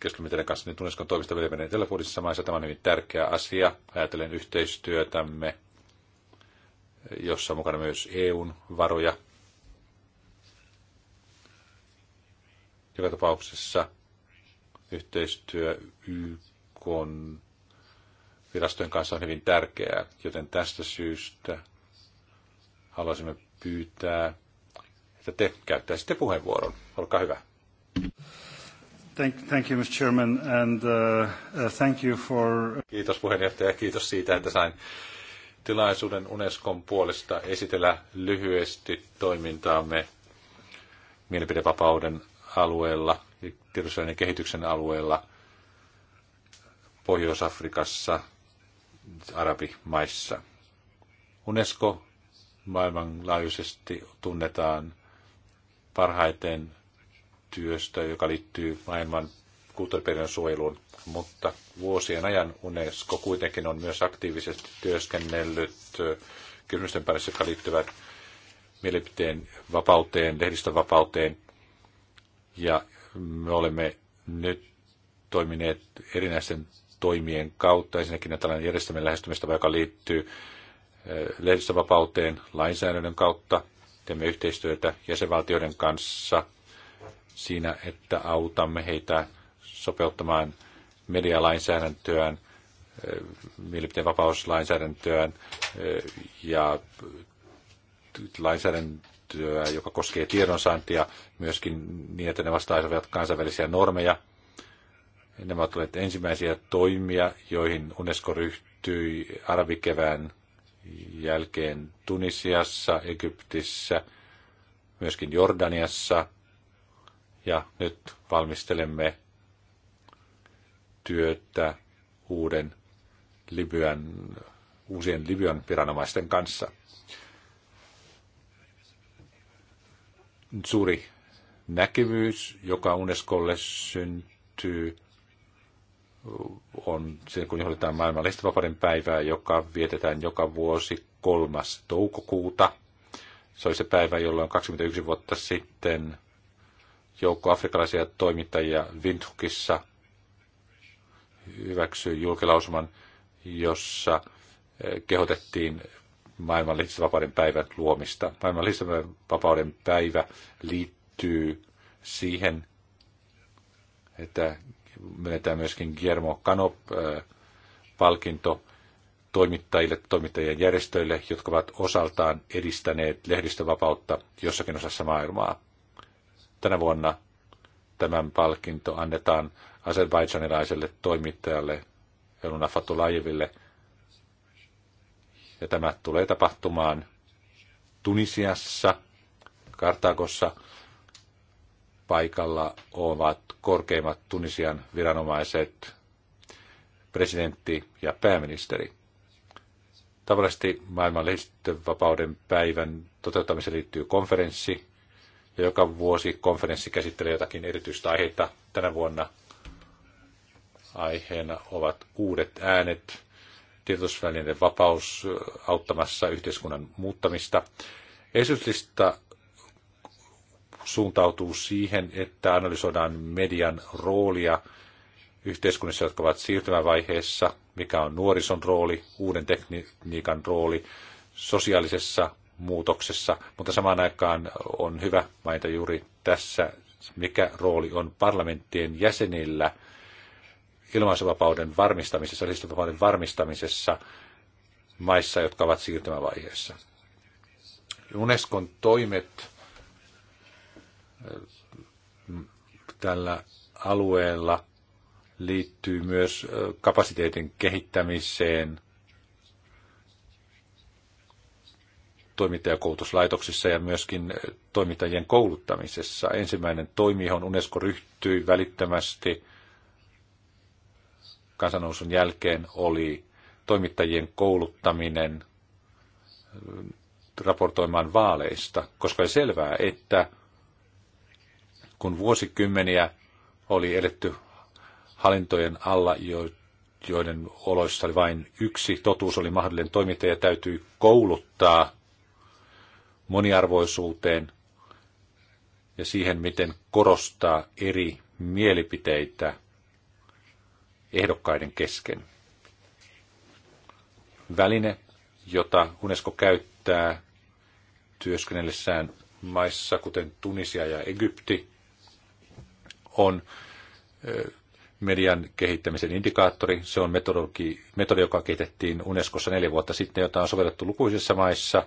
[SPEAKER 1] keskustelemme teidän kanssa nyt niin Unescon toimista Välimeren telefonissa maissa. Tämä on hyvin tärkeä asia. Ajatellen yhteistyötämme, jossa on mukana myös EUn varoja. Joka tapauksessa yhteistyö YK virastojen kanssa on hyvin tärkeää, joten tästä syystä haluaisimme pyytää, että te käyttäisitte puheenvuoron. Olkaa hyvä. Thank, thank you, Mr. Chairman, and uh, uh thank you for... Kiitos puheenjohtaja, kiitos siitä, että sain tilaisuuden Unescon puolesta esitellä lyhyesti toimintaamme mielipidevapauden alueella, tiedotusvälineen kehityksen alueella Pohjois-Afrikassa arabimaissa. UNESCO maailmanlaajuisesti tunnetaan parhaiten työstä, joka liittyy maailman kulttuuriperinnön suojeluun, mutta vuosien ajan UNESCO kuitenkin on myös aktiivisesti työskennellyt kysymysten parissa, jotka liittyvät mielipiteen vapauteen, lehdistön vapauteen. Ja me olemme nyt toimineet erinäisten toimien kautta. Ensinnäkin tällainen järjestelmän lähestymistapa, joka liittyy eh, lehdistövapauteen lainsäädännön kautta. Teemme yhteistyötä jäsenvaltioiden kanssa siinä, että autamme heitä sopeuttamaan medialainsäädäntöään, eh, mielipiteenvapauslainsäädäntöään eh, ja lainsäädäntöä, joka koskee tiedonsaantia myöskin niin, että ne vastaisivat kansainvälisiä normeja. Nämä ovat ensimmäisiä toimia, joihin UNESCO ryhtyi arabikevään jälkeen Tunisiassa, Egyptissä, myöskin Jordaniassa. Ja nyt valmistelemme työtä uuden Libyan, uusien Libyan viranomaisten kanssa. Suuri näkyvyys, joka Unescolle syntyy, on se, kun johdetaan maailman lehtivapauden päivää, joka vietetään joka vuosi kolmas toukokuuta. Se oli se päivä, jolloin 21 vuotta sitten joukko afrikkalaisia toimittajia Windhukissa hyväksyi julkilausuman, jossa eh, kehotettiin maailman lehdistövapauden päivän luomista. Maailman lehdistövapauden päivä liittyy siihen, että menetään myöskin Guillermo Canop-palkinto äh, toimittajille, toimittajien järjestöille, jotka ovat osaltaan edistäneet lehdistövapautta jossakin osassa maailmaa. Tänä vuonna tämän palkinto annetaan azerbaidsanilaiselle toimittajalle Eluna Fatulajeville, ja tämä tulee tapahtumaan Tunisiassa, Kartagossa – paikalla ovat korkeimmat Tunisian viranomaiset, presidentti ja pääministeri. Tavallisesti maailman lehdistönvapauden päivän toteuttamiseen liittyy konferenssi, ja joka vuosi konferenssi käsittelee jotakin erityistä aiheita. Tänä vuonna aiheena ovat uudet äänet, tietosvälineiden vapaus auttamassa yhteiskunnan muuttamista. Esityslista suuntautuu siihen, että analysoidaan median roolia yhteiskunnissa, jotka ovat siirtymävaiheessa, mikä on nuorison rooli, uuden tekniikan rooli, sosiaalisessa muutoksessa, mutta samaan aikaan on hyvä mainita juuri tässä, mikä rooli on parlamenttien jäsenillä ilmaisuvapauden varmistamisessa, listapauden varmistamisessa maissa, jotka ovat siirtymävaiheessa. Unescon toimet tällä alueella liittyy myös kapasiteetin kehittämiseen toimittajakoulutuslaitoksissa ja myöskin toimittajien kouluttamisessa. Ensimmäinen toimi, johon UNESCO ryhtyi välittömästi kansanousun jälkeen, oli toimittajien kouluttaminen raportoimaan vaaleista, koska oli selvää, että kun vuosikymmeniä oli eletty hallintojen alla, joiden oloissa oli vain yksi totuus oli mahdollinen toiminta ja täytyy kouluttaa moniarvoisuuteen ja siihen, miten korostaa eri mielipiteitä ehdokkaiden kesken. Väline, jota UNESCO käyttää työskennellessään maissa, kuten Tunisia ja Egypti, on median kehittämisen indikaattori. Se on metodologi, metodi, joka kehitettiin Unescossa neljä vuotta sitten, jota on sovellettu lukuisissa maissa.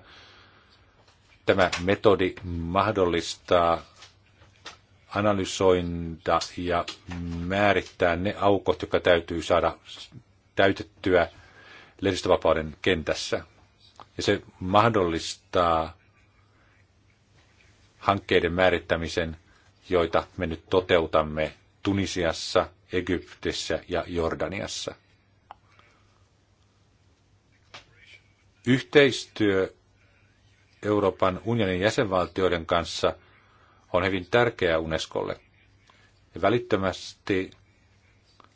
[SPEAKER 1] Tämä metodi mahdollistaa analysointa ja määrittää ne aukot, jotka täytyy saada täytettyä lehdistövapauden kentässä. Ja se mahdollistaa hankkeiden määrittämisen joita me nyt toteutamme Tunisiassa, Egyptissä ja Jordaniassa. Yhteistyö Euroopan unionin jäsenvaltioiden kanssa on hyvin tärkeää Unescolle. Ja välittömästi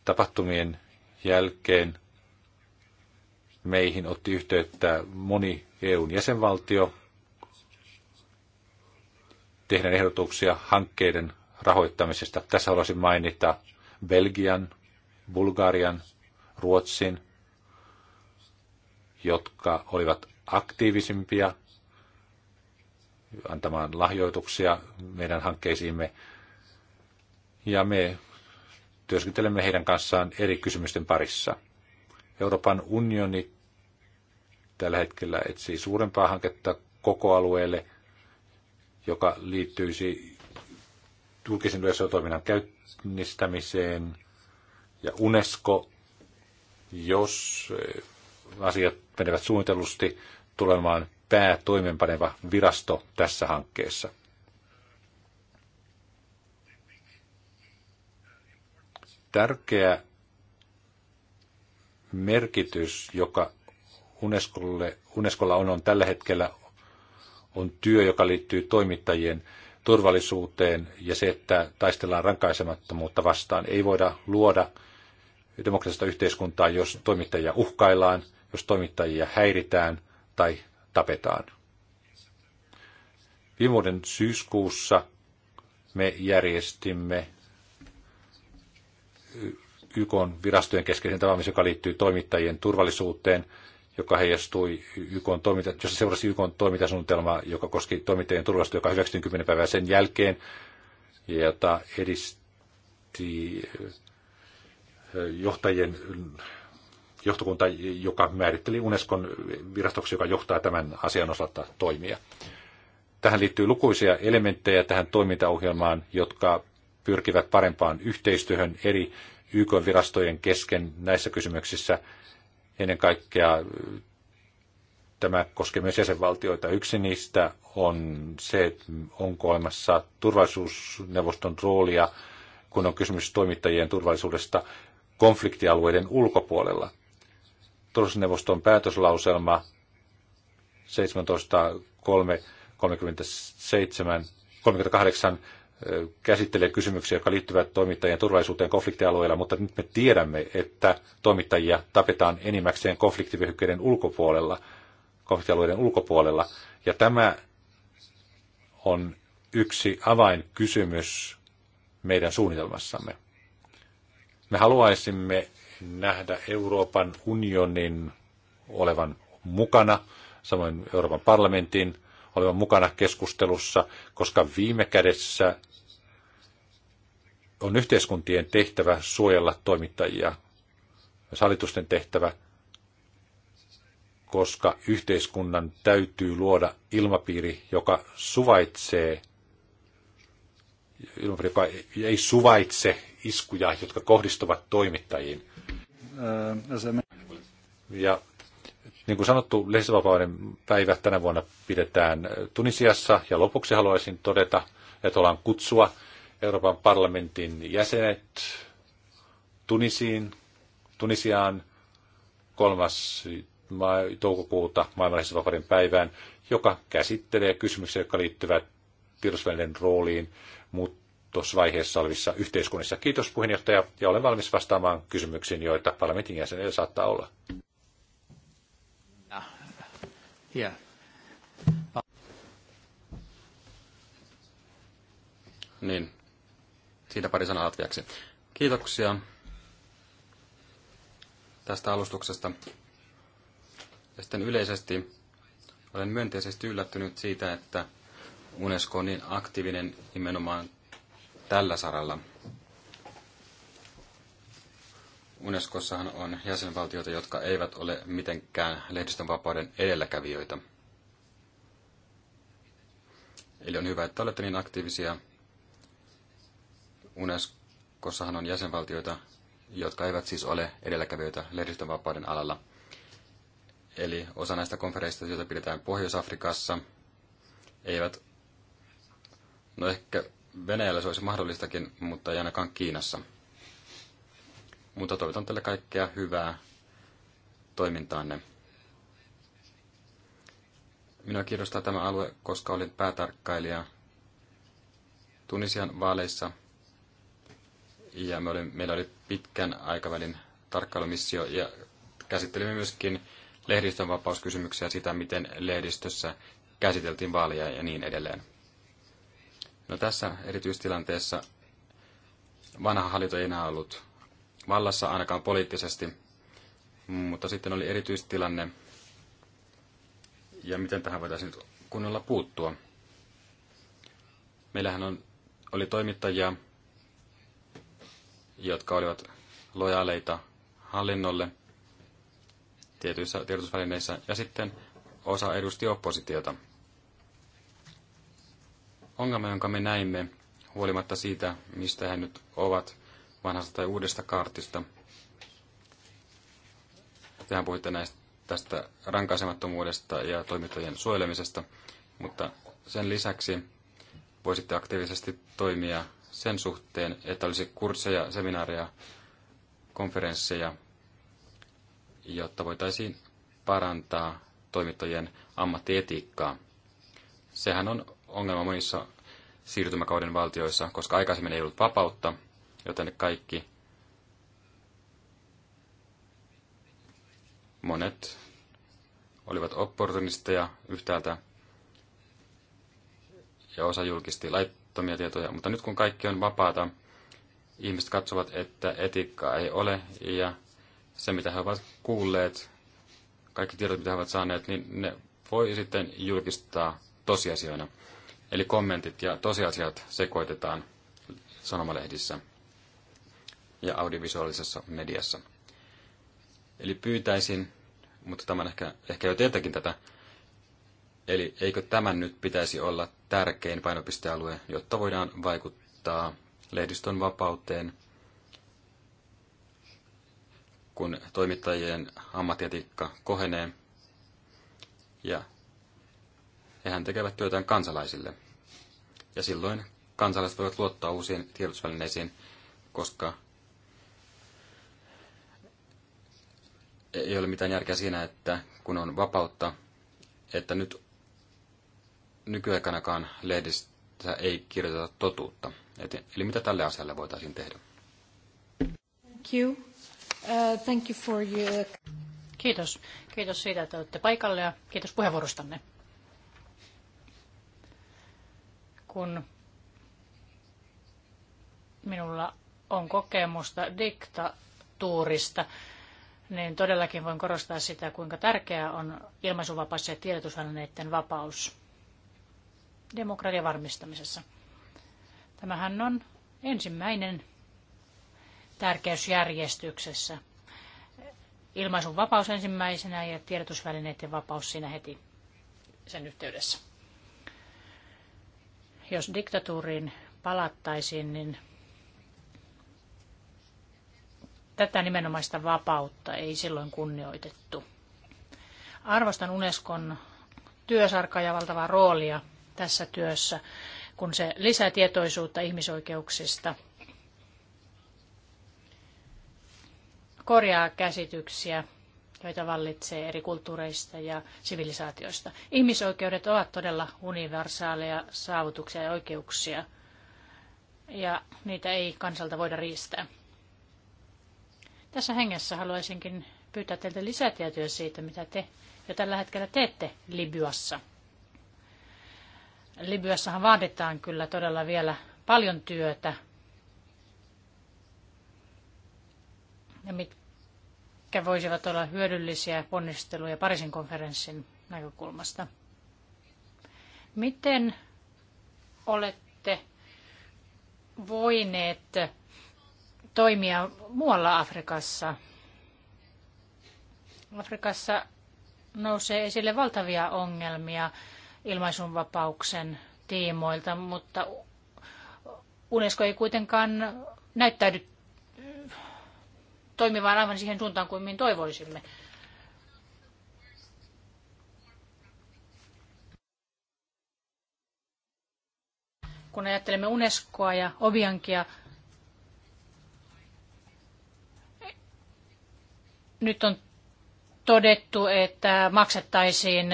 [SPEAKER 1] tapahtumien jälkeen meihin otti yhteyttä moni EUn jäsenvaltio tehdään ehdotuksia hankkeiden rahoittamisesta. Tässä haluaisin mainita Belgian, Bulgarian, Ruotsin, jotka olivat aktiivisimpia antamaan lahjoituksia meidän hankkeisiimme. Ja me työskentelemme heidän kanssaan eri kysymysten parissa. Euroopan unioni tällä hetkellä etsii suurempaa hanketta koko alueelle – joka liittyisi julkisen yleisötoiminnan käynnistämiseen ja UNESCO, jos eh, asiat menevät suunnitellusti tulemaan päätoimenpaneva virasto tässä hankkeessa. Tärkeä merkitys, joka Unescolle, Unescolla on, on tällä hetkellä on työ, joka liittyy toimittajien turvallisuuteen ja se, että taistellaan rankaisemattomuutta vastaan. Ei voida luoda demokraattista yhteiskuntaa, jos toimittajia uhkaillaan, jos toimittajia häiritään tai tapetaan. Viime vuoden syyskuussa me järjestimme YK virastojen keskeisen tapaamisen, joka liittyy toimittajien turvallisuuteen joka heijastui YK toiminta, jossa seurasi YK toimintasuunnitelma, joka koski toimittajien turvallisuutta, joka 90 päivää sen jälkeen, ja jota edisti eh, johtajien johtokunta, joka määritteli Unescon virastoksi, joka johtaa tämän asian osalta toimia. Tähän liittyy lukuisia elementtejä tähän toimintaohjelmaan, jotka pyrkivät parempaan yhteistyöhön eri YK-virastojen kesken näissä kysymyksissä – Ennen kaikkea tämä koskee myös jäsenvaltioita. Yksi niistä on se, että onko olemassa turvallisuusneuvoston roolia, kun on kysymys toimittajien turvallisuudesta konfliktialueiden ulkopuolella. Turvallisuusneuvoston päätöslauselma 17.3.37 38 käsittelee kysymyksiä, jotka liittyvät toimittajien turvallisuuteen konfliktialueilla, mutta nyt me tiedämme, että toimittajia tapetaan enimmäkseen konfliktivyöhykkeiden ulkopuolella, konfliktialueiden ulkopuolella. Ja tämä on yksi avainkysymys meidän suunnitelmassamme. Me haluaisimme nähdä Euroopan unionin olevan mukana, samoin Euroopan parlamentin olevan mukana keskustelussa, koska viime kädessä on yhteiskuntien tehtävä suojella toimittajia, myös hallitusten tehtävä, koska yhteiskunnan täytyy luoda ilmapiiri, joka suvaitsee, ilmapiiri, joka ei suvaitse iskuja, jotka kohdistuvat toimittajiin. Ja niin kuin sanottu, lehdistövapauden päivä tänä vuonna pidetään Tunisiassa. Ja lopuksi haluaisin todeta, että ollaan kutsua Euroopan parlamentin jäsenet Tunisiin, Tunisiaan 3. toukokuuta vapauden päivään, joka käsittelee kysymyksiä, jotka liittyvät tiedotusvälineiden rooliin muutosvaiheessa olevissa yhteiskunnissa. Kiitos puheenjohtaja ja olen valmis vastaamaan kysymyksiin, joita parlamentin jäsenillä saattaa olla.
[SPEAKER 2] Ah, yeah. Niin, siitä pari sanaa latviaksi. Kiitoksia tästä alustuksesta. Ja sitten yleisesti olen myönteisesti yllättynyt siitä, että Unesco on niin aktiivinen nimenomaan tällä saralla. Unescossahan on jäsenvaltioita, jotka eivät ole mitenkään lehdistönvapauden edelläkävijöitä. Eli on hyvä, että olette niin aktiivisia Unescossahan on jäsenvaltioita, jotka eivät siis ole edelläkävijöitä lehdistönvapauden alalla. Eli osa näistä konferensseista, joita pidetään Pohjois-Afrikassa, eivät, no ehkä Venäjällä se olisi mahdollistakin, mutta ei ainakaan Kiinassa. Mutta toivotan teille kaikkea hyvää toimintaanne. Minua kiinnostaa tämä alue, koska olin päätarkkailija Tunisian vaaleissa ja me oli, meillä oli pitkän aikavälin tarkkailumissio ja käsittelimme myöskin lehdistönvapauskysymyksiä sitä, miten lehdistössä käsiteltiin vaalia ja niin edelleen. No tässä erityistilanteessa vanha hallinto ei enää ollut vallassa ainakaan poliittisesti, mutta sitten oli erityistilanne ja miten tähän voitaisiin nyt kunnolla puuttua. Meillähän on, oli toimittajia, jotka olivat lojaaleita hallinnolle tietyissä tiedotusvälineissä, ja sitten osa edusti oppositiota. Ongelma, jonka me näimme, huolimatta siitä, mistä he nyt ovat, vanhasta tai uudesta kartista. tehän puhuitte näistä, tästä rankaisemattomuudesta ja toimintojen suojelemisesta, mutta sen lisäksi voisitte aktiivisesti toimia sen suhteen, että olisi kursseja, seminaareja, konferensseja, jotta voitaisiin parantaa toimittajien ammattietiikkaa. Sehän on ongelma monissa siirtymäkauden valtioissa, koska aikaisemmin ei ollut vapautta, joten kaikki monet olivat opportunisteja yhtäältä ja osa julkisti lait- laittomia tietoja. Mutta nyt kun kaikki on vapaata, ihmiset katsovat, että etiikkaa ei ole ja se, mitä he ovat kuulleet, kaikki tiedot, mitä he ovat saaneet, niin ne voi sitten julkistaa tosiasioina. Eli kommentit ja tosiasiat sekoitetaan sanomalehdissä ja audiovisuaalisessa mediassa. Eli pyytäisin, mutta tämä on ehkä, ehkä jo tietenkin tätä, Eli eikö tämän nyt pitäisi olla tärkein painopistealue, jotta voidaan vaikuttaa lehdistön vapauteen, kun toimittajien ammattietiikka kohenee ja hehän tekevät työtään kansalaisille. Ja silloin kansalaiset voivat luottaa uusiin tiedotusvälineisiin, koska ei ole mitään järkeä siinä, että kun on vapautta, että nyt nykyaikanakaan lehdissä ei kirjoiteta totuutta. Eli mitä tälle asialle voitaisiin tehdä? Thank you.
[SPEAKER 3] Uh, thank you for your... Kiitos. Kiitos siitä, että olette paikalle ja kiitos puheenvuorostanne. Kun minulla on kokemusta diktatuurista, niin todellakin voin korostaa sitä, kuinka tärkeää on ilmaisuvapaus ja tiedotusvälineiden vapaus demokratian varmistamisessa. Tämähän on ensimmäinen tärkeysjärjestyksessä. Ilmaisun vapaus ensimmäisenä ja tiedotusvälineiden vapaus siinä heti sen yhteydessä. Jos diktatuuriin palattaisiin, niin tätä nimenomaista vapautta ei silloin kunnioitettu. Arvostan Unescon työsarkaa ja valtavaa roolia tässä työssä, kun se lisää tietoisuutta ihmisoikeuksista, korjaa käsityksiä, joita vallitsee eri kulttuureista ja sivilisaatioista. Ihmisoikeudet ovat todella universaaleja saavutuksia ja oikeuksia, ja niitä ei kansalta voida riistää. Tässä hengessä haluaisinkin pyytää teiltä lisätietoja siitä, mitä te jo tällä hetkellä teette Libyassa. Libyassahan vaaditaan kyllä todella vielä paljon työtä. Ja mitkä voisivat olla hyödyllisiä ponnisteluja Pariisin konferenssin näkökulmasta. Miten olette voineet toimia muualla Afrikassa? Afrikassa nousee esille valtavia ongelmia ilmaisunvapauksen tiimoilta, mutta UNESCO ei kuitenkaan näyttäydy toimivaan aivan siihen suuntaan kuin mihin toivoisimme. Kun ajattelemme UNESCOa ja Obiankia, nyt on todettu, että maksettaisiin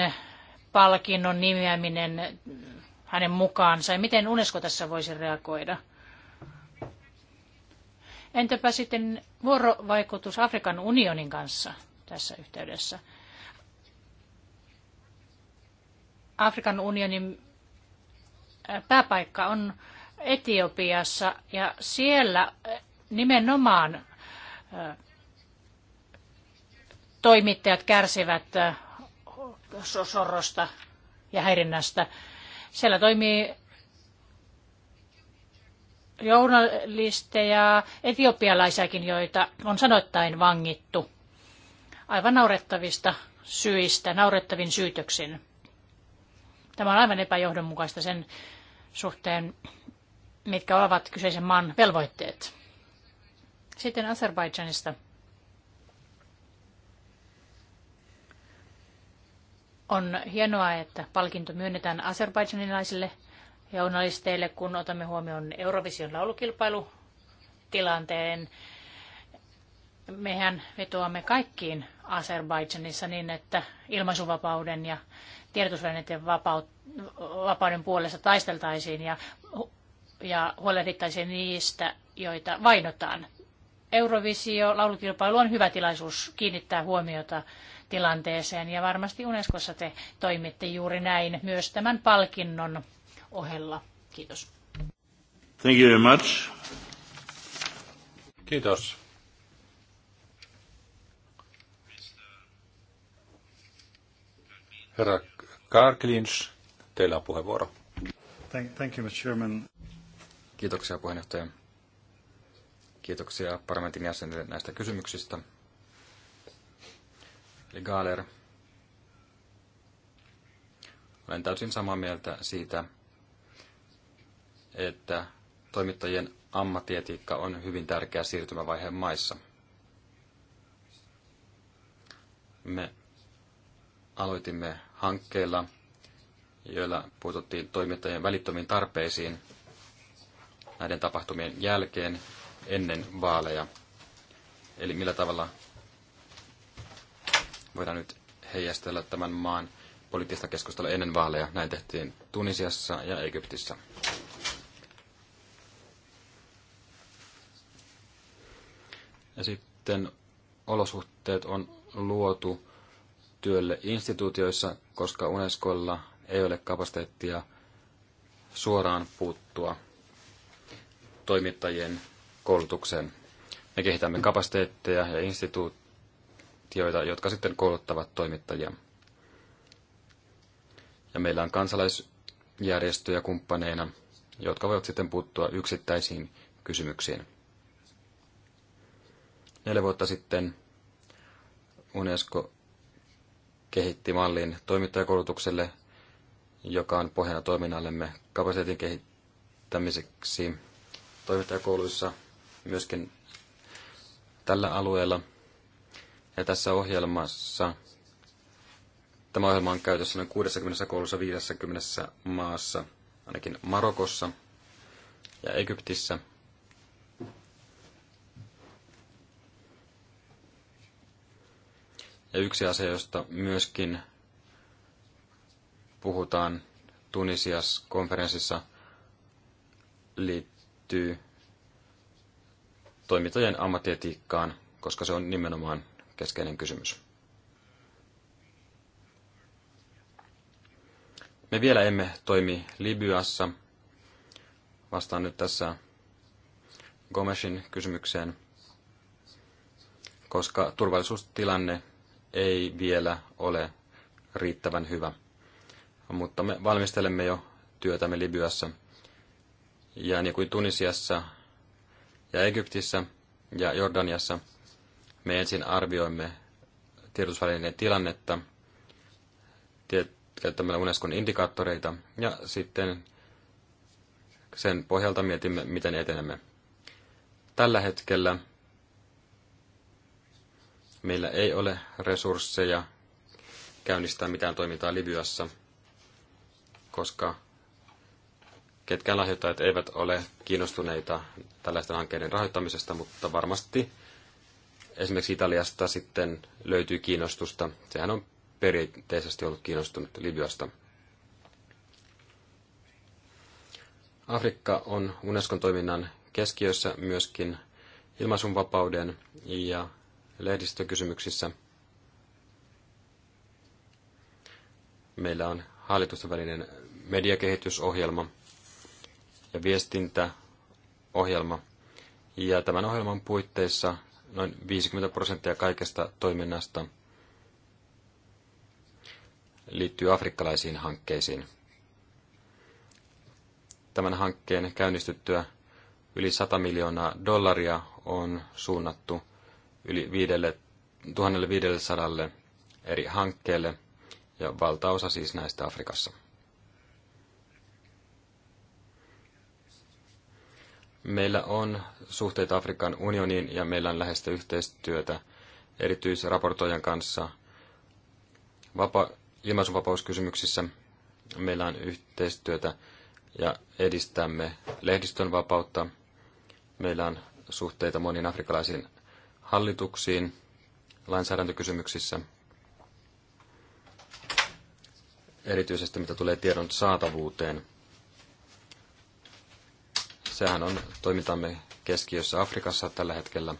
[SPEAKER 3] palkinnon nimeäminen hänen mukaansa ja miten UNESCO tässä voisi reagoida? Entäpä sitten vuorovaikutus Afrikan unionin kanssa tässä yhteydessä? Afrikan unionin äh, pääpaikka on Etiopiassa ja siellä äh, nimenomaan äh, toimittajat kärsivät sorrosta ja häirinnästä. Siellä toimii journalisteja, etiopialaisiakin, joita on sanoittain vangittu aivan naurettavista syistä, naurettavin syytöksin. Tämä on aivan epäjohdonmukaista sen suhteen, mitkä ovat kyseisen maan velvoitteet. Sitten Azerbaidžanista. On hienoa, että palkinto myönnetään aserbaidsanilaisille journalisteille, kun otamme huomioon Eurovision laulukilpailutilanteen. Mehän vetoamme kaikkiin Azerbaidžanissa niin, että ilmaisuvapauden ja tiedotusvälineiden vapauden puolesta taisteltaisiin ja, ja huolehdittaisiin niistä, joita vainotaan. Eurovisio laulukilpailu on hyvä tilaisuus kiinnittää huomiota tilanteeseen ja varmasti Unescossa te toimitte juuri näin myös tämän palkinnon ohella. Kiitos.
[SPEAKER 1] Thank you very much. Kiitos.
[SPEAKER 2] Herra Karklins, teillä on puheenvuoro.
[SPEAKER 1] Thank, thank you, Mr. Chairman.
[SPEAKER 2] Kiitoksia puheenjohtaja. Kiitoksia parlamentin jäsenille näistä kysymyksistä. Eli Gaaler, olen täysin samaa mieltä siitä, että toimittajien ammattietiikka on hyvin tärkeä siirtymävaihe maissa. Me aloitimme hankkeilla, joilla puututtiin toimittajien välittömiin tarpeisiin näiden tapahtumien jälkeen ennen vaaleja. Eli millä tavalla voidaan nyt heijastella tämän maan poliittista keskustelua ennen vaaleja. Näin tehtiin Tunisiassa ja Egyptissä. Ja sitten olosuhteet on luotu työlle instituutioissa, koska Unescolla ei ole kapasiteettia suoraan puuttua toimittajien koulutukseen. Me kehitämme kapasiteetteja ja instituutioita, jotka sitten kouluttavat toimittajia. Ja meillä on kansalaisjärjestöjä kumppaneina, jotka voivat sitten puuttua yksittäisiin kysymyksiin. Neljä vuotta sitten UNESCO kehitti mallin toimittajakoulutukselle, joka on pohjana toiminnallemme kapasiteetin kehittämiseksi toimittajakouluissa – myöskin tällä alueella. Ja tässä ohjelmassa, tämä ohjelma on käytössä noin 60 koulussa 50 maassa, ainakin Marokossa ja Egyptissä. Ja yksi asia, josta myöskin puhutaan Tunisias konferenssissa, liittyy toimittajien ammattietiikkaan, koska se on nimenomaan keskeinen kysymys. Me vielä emme toimi Libyassa. Vastaan nyt tässä Gomesin kysymykseen, koska turvallisuustilanne ei vielä ole riittävän hyvä. Mutta me valmistelemme jo työtämme Libyassa. Ja niin kuin Tunisiassa, ja Egyptissä ja Jordaniassa me ensin arvioimme tiedotusvälineiden tilannetta käyttämällä Unescon indikaattoreita ja sitten sen pohjalta mietimme, miten etenemme. Tällä hetkellä meillä ei ole resursseja käynnistää mitään toimintaa Libyassa, koska ketkä lahjoittajat eivät ole kiinnostuneita tällaisten hankkeiden rahoittamisesta, mutta varmasti esimerkiksi Italiasta sitten löytyy kiinnostusta. Sehän on perinteisesti ollut kiinnostunut Libyasta. Afrikka on Unescon toiminnan keskiössä myöskin ilmaisunvapauden ja lehdistökysymyksissä. Meillä on hallitusten välinen mediakehitysohjelma, ja viestintäohjelma. Ja tämän ohjelman puitteissa noin 50 prosenttia kaikesta toiminnasta liittyy afrikkalaisiin hankkeisiin. Tämän hankkeen käynnistyttyä yli 100 miljoonaa dollaria on suunnattu yli 1500 eri hankkeelle ja valtaosa siis näistä Afrikassa. Meillä on suhteita Afrikan unioniin ja meillä on läheistä yhteistyötä erityisraportoijan kanssa vapa- ilmaisuvapauskysymyksissä Meillä on yhteistyötä ja edistämme lehdistön vapautta. Meillä on suhteita moniin afrikkalaisiin hallituksiin lainsäädäntökysymyksissä, erityisesti mitä tulee tiedon saatavuuteen – Sehän on toimintamme keskiössä Afrikassa tällä hetkellä.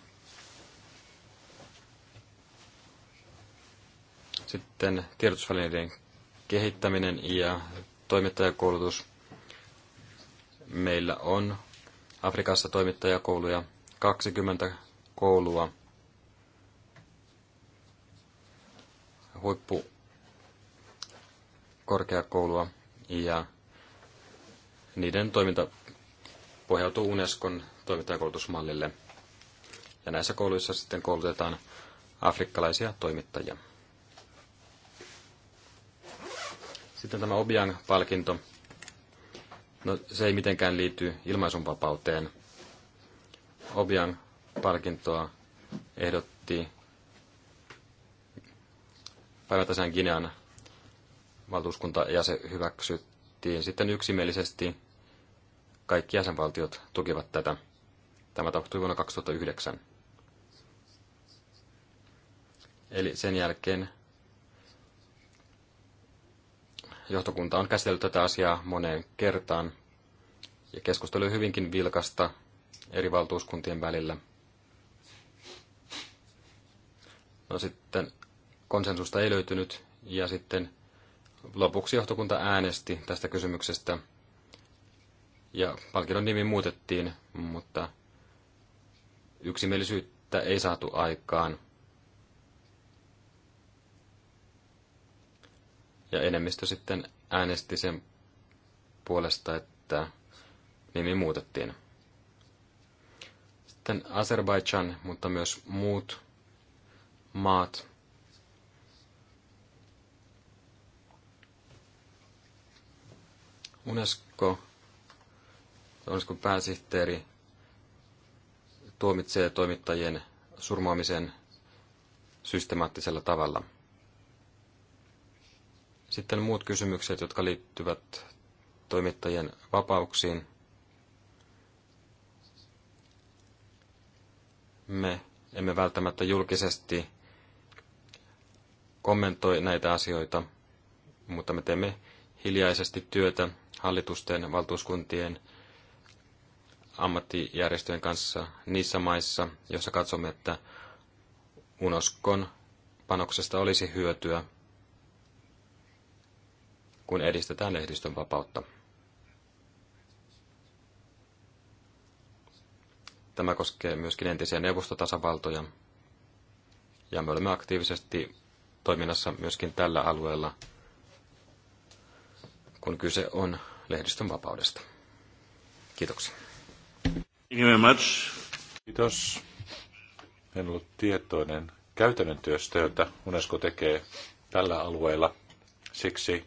[SPEAKER 2] Sitten tiedotusvälineiden kehittäminen ja toimittajakoulutus. Meillä on Afrikassa toimittajakouluja 20 koulua. Huippu korkeakoulua ja niiden toiminta pohjautuu Unescon toimittajakoulutusmallille. Ja näissä kouluissa sitten koulutetaan afrikkalaisia toimittajia. Sitten tämä Obiang-palkinto. No, se ei mitenkään liity ilmaisunvapauteen. Obiang-palkintoa ehdotti päivätasan Ginean valtuuskunta ja se hyväksyttiin sitten yksimielisesti kaikki jäsenvaltiot tukivat tätä. Tämä tapahtui vuonna 2009. Eli sen jälkeen johtokunta on käsitellyt tätä asiaa moneen kertaan ja keskustelu hyvinkin vilkasta eri valtuuskuntien välillä. No sitten konsensusta ei löytynyt ja sitten lopuksi johtokunta äänesti tästä kysymyksestä – ja palkinnon nimi muutettiin, mutta yksimielisyyttä ei saatu aikaan. Ja enemmistö sitten äänesti sen puolesta, että nimi muutettiin. Sitten Azerbaijan, mutta myös muut maat UNESCO olisiko pääsihteeri tuomitsee toimittajien surmaamisen systemaattisella tavalla. Sitten muut kysymykset, jotka liittyvät toimittajien vapauksiin. Me emme välttämättä julkisesti kommentoi näitä asioita, mutta me teemme hiljaisesti työtä hallitusten, valtuuskuntien ammattijärjestöjen kanssa niissä maissa, joissa katsomme, että UNOSKON panoksesta olisi hyötyä, kun edistetään lehdistön vapautta. Tämä koskee myöskin entisiä neuvostotasavaltoja, ja me olemme aktiivisesti toiminnassa myöskin tällä alueella, kun kyse on lehdistön vapaudesta. Kiitoksia. Kiitos. En ollut tietoinen
[SPEAKER 1] käytännön työstä, jota UNESCO tekee tällä alueella. Siksi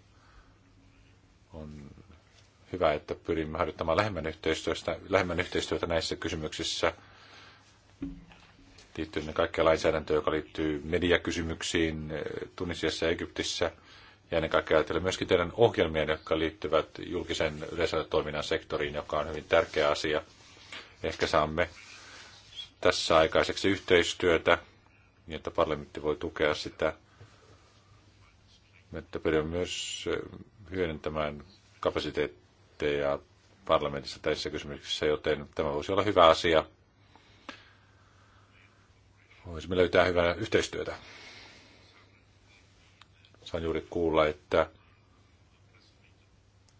[SPEAKER 1] on hyvä, että pyrimme harjoittamaan lähemmän yhteistyötä, lähemmän yhteistyötä näissä kysymyksissä liittyy ennen kaikkea lainsäädäntöön, joka liittyy mediakysymyksiin eh, Tunisiassa ja Egyptissä. Ja ennen kaikkea ajatellen myöskin teidän ohjelmien, jotka liittyvät julkisen yleisötoiminnan sektoriin, joka on hyvin tärkeä asia. Ehkä saamme tässä aikaiseksi yhteistyötä, niin että parlamentti voi tukea sitä, että pyrimme myös hyödyntämään kapasiteetteja parlamentissa tässä kysymyksessä, joten tämä voisi olla hyvä asia. Voisimme löytää hyvää yhteistyötä. Sain juuri kuulla, että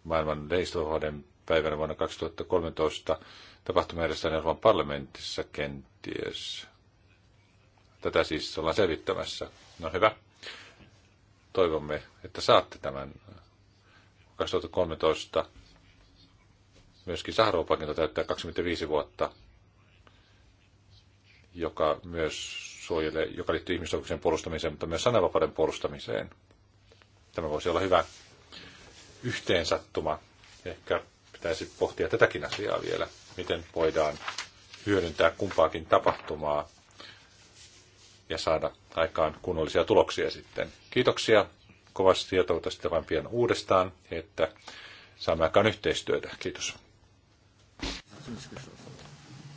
[SPEAKER 1] maailman lehdistövapauden päivänä vuonna 2013 tapahtuma järjestetään Euroopan parlamentissa kenties. Tätä siis ollaan selvittämässä. No hyvä. Toivomme, että saatte tämän 2013 myöskin Sahropakinto täyttää 25 vuotta, joka myös suojelee, joka liittyy ihmisoikeuksien puolustamiseen, mutta myös sananvapauden puolustamiseen. Tämä voisi olla hyvä yhteensattuma. Ehkä pitäisi pohtia tätäkin asiaa vielä miten voidaan hyödyntää kumpaakin tapahtumaa ja saada aikaan kunnollisia tuloksia sitten. Kiitoksia kovasti ja toivottavasti vain pian uudestaan, että saamme aikaan yhteistyötä. Kiitos.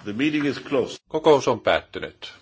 [SPEAKER 1] The meeting is closed. Kokous on päättynyt.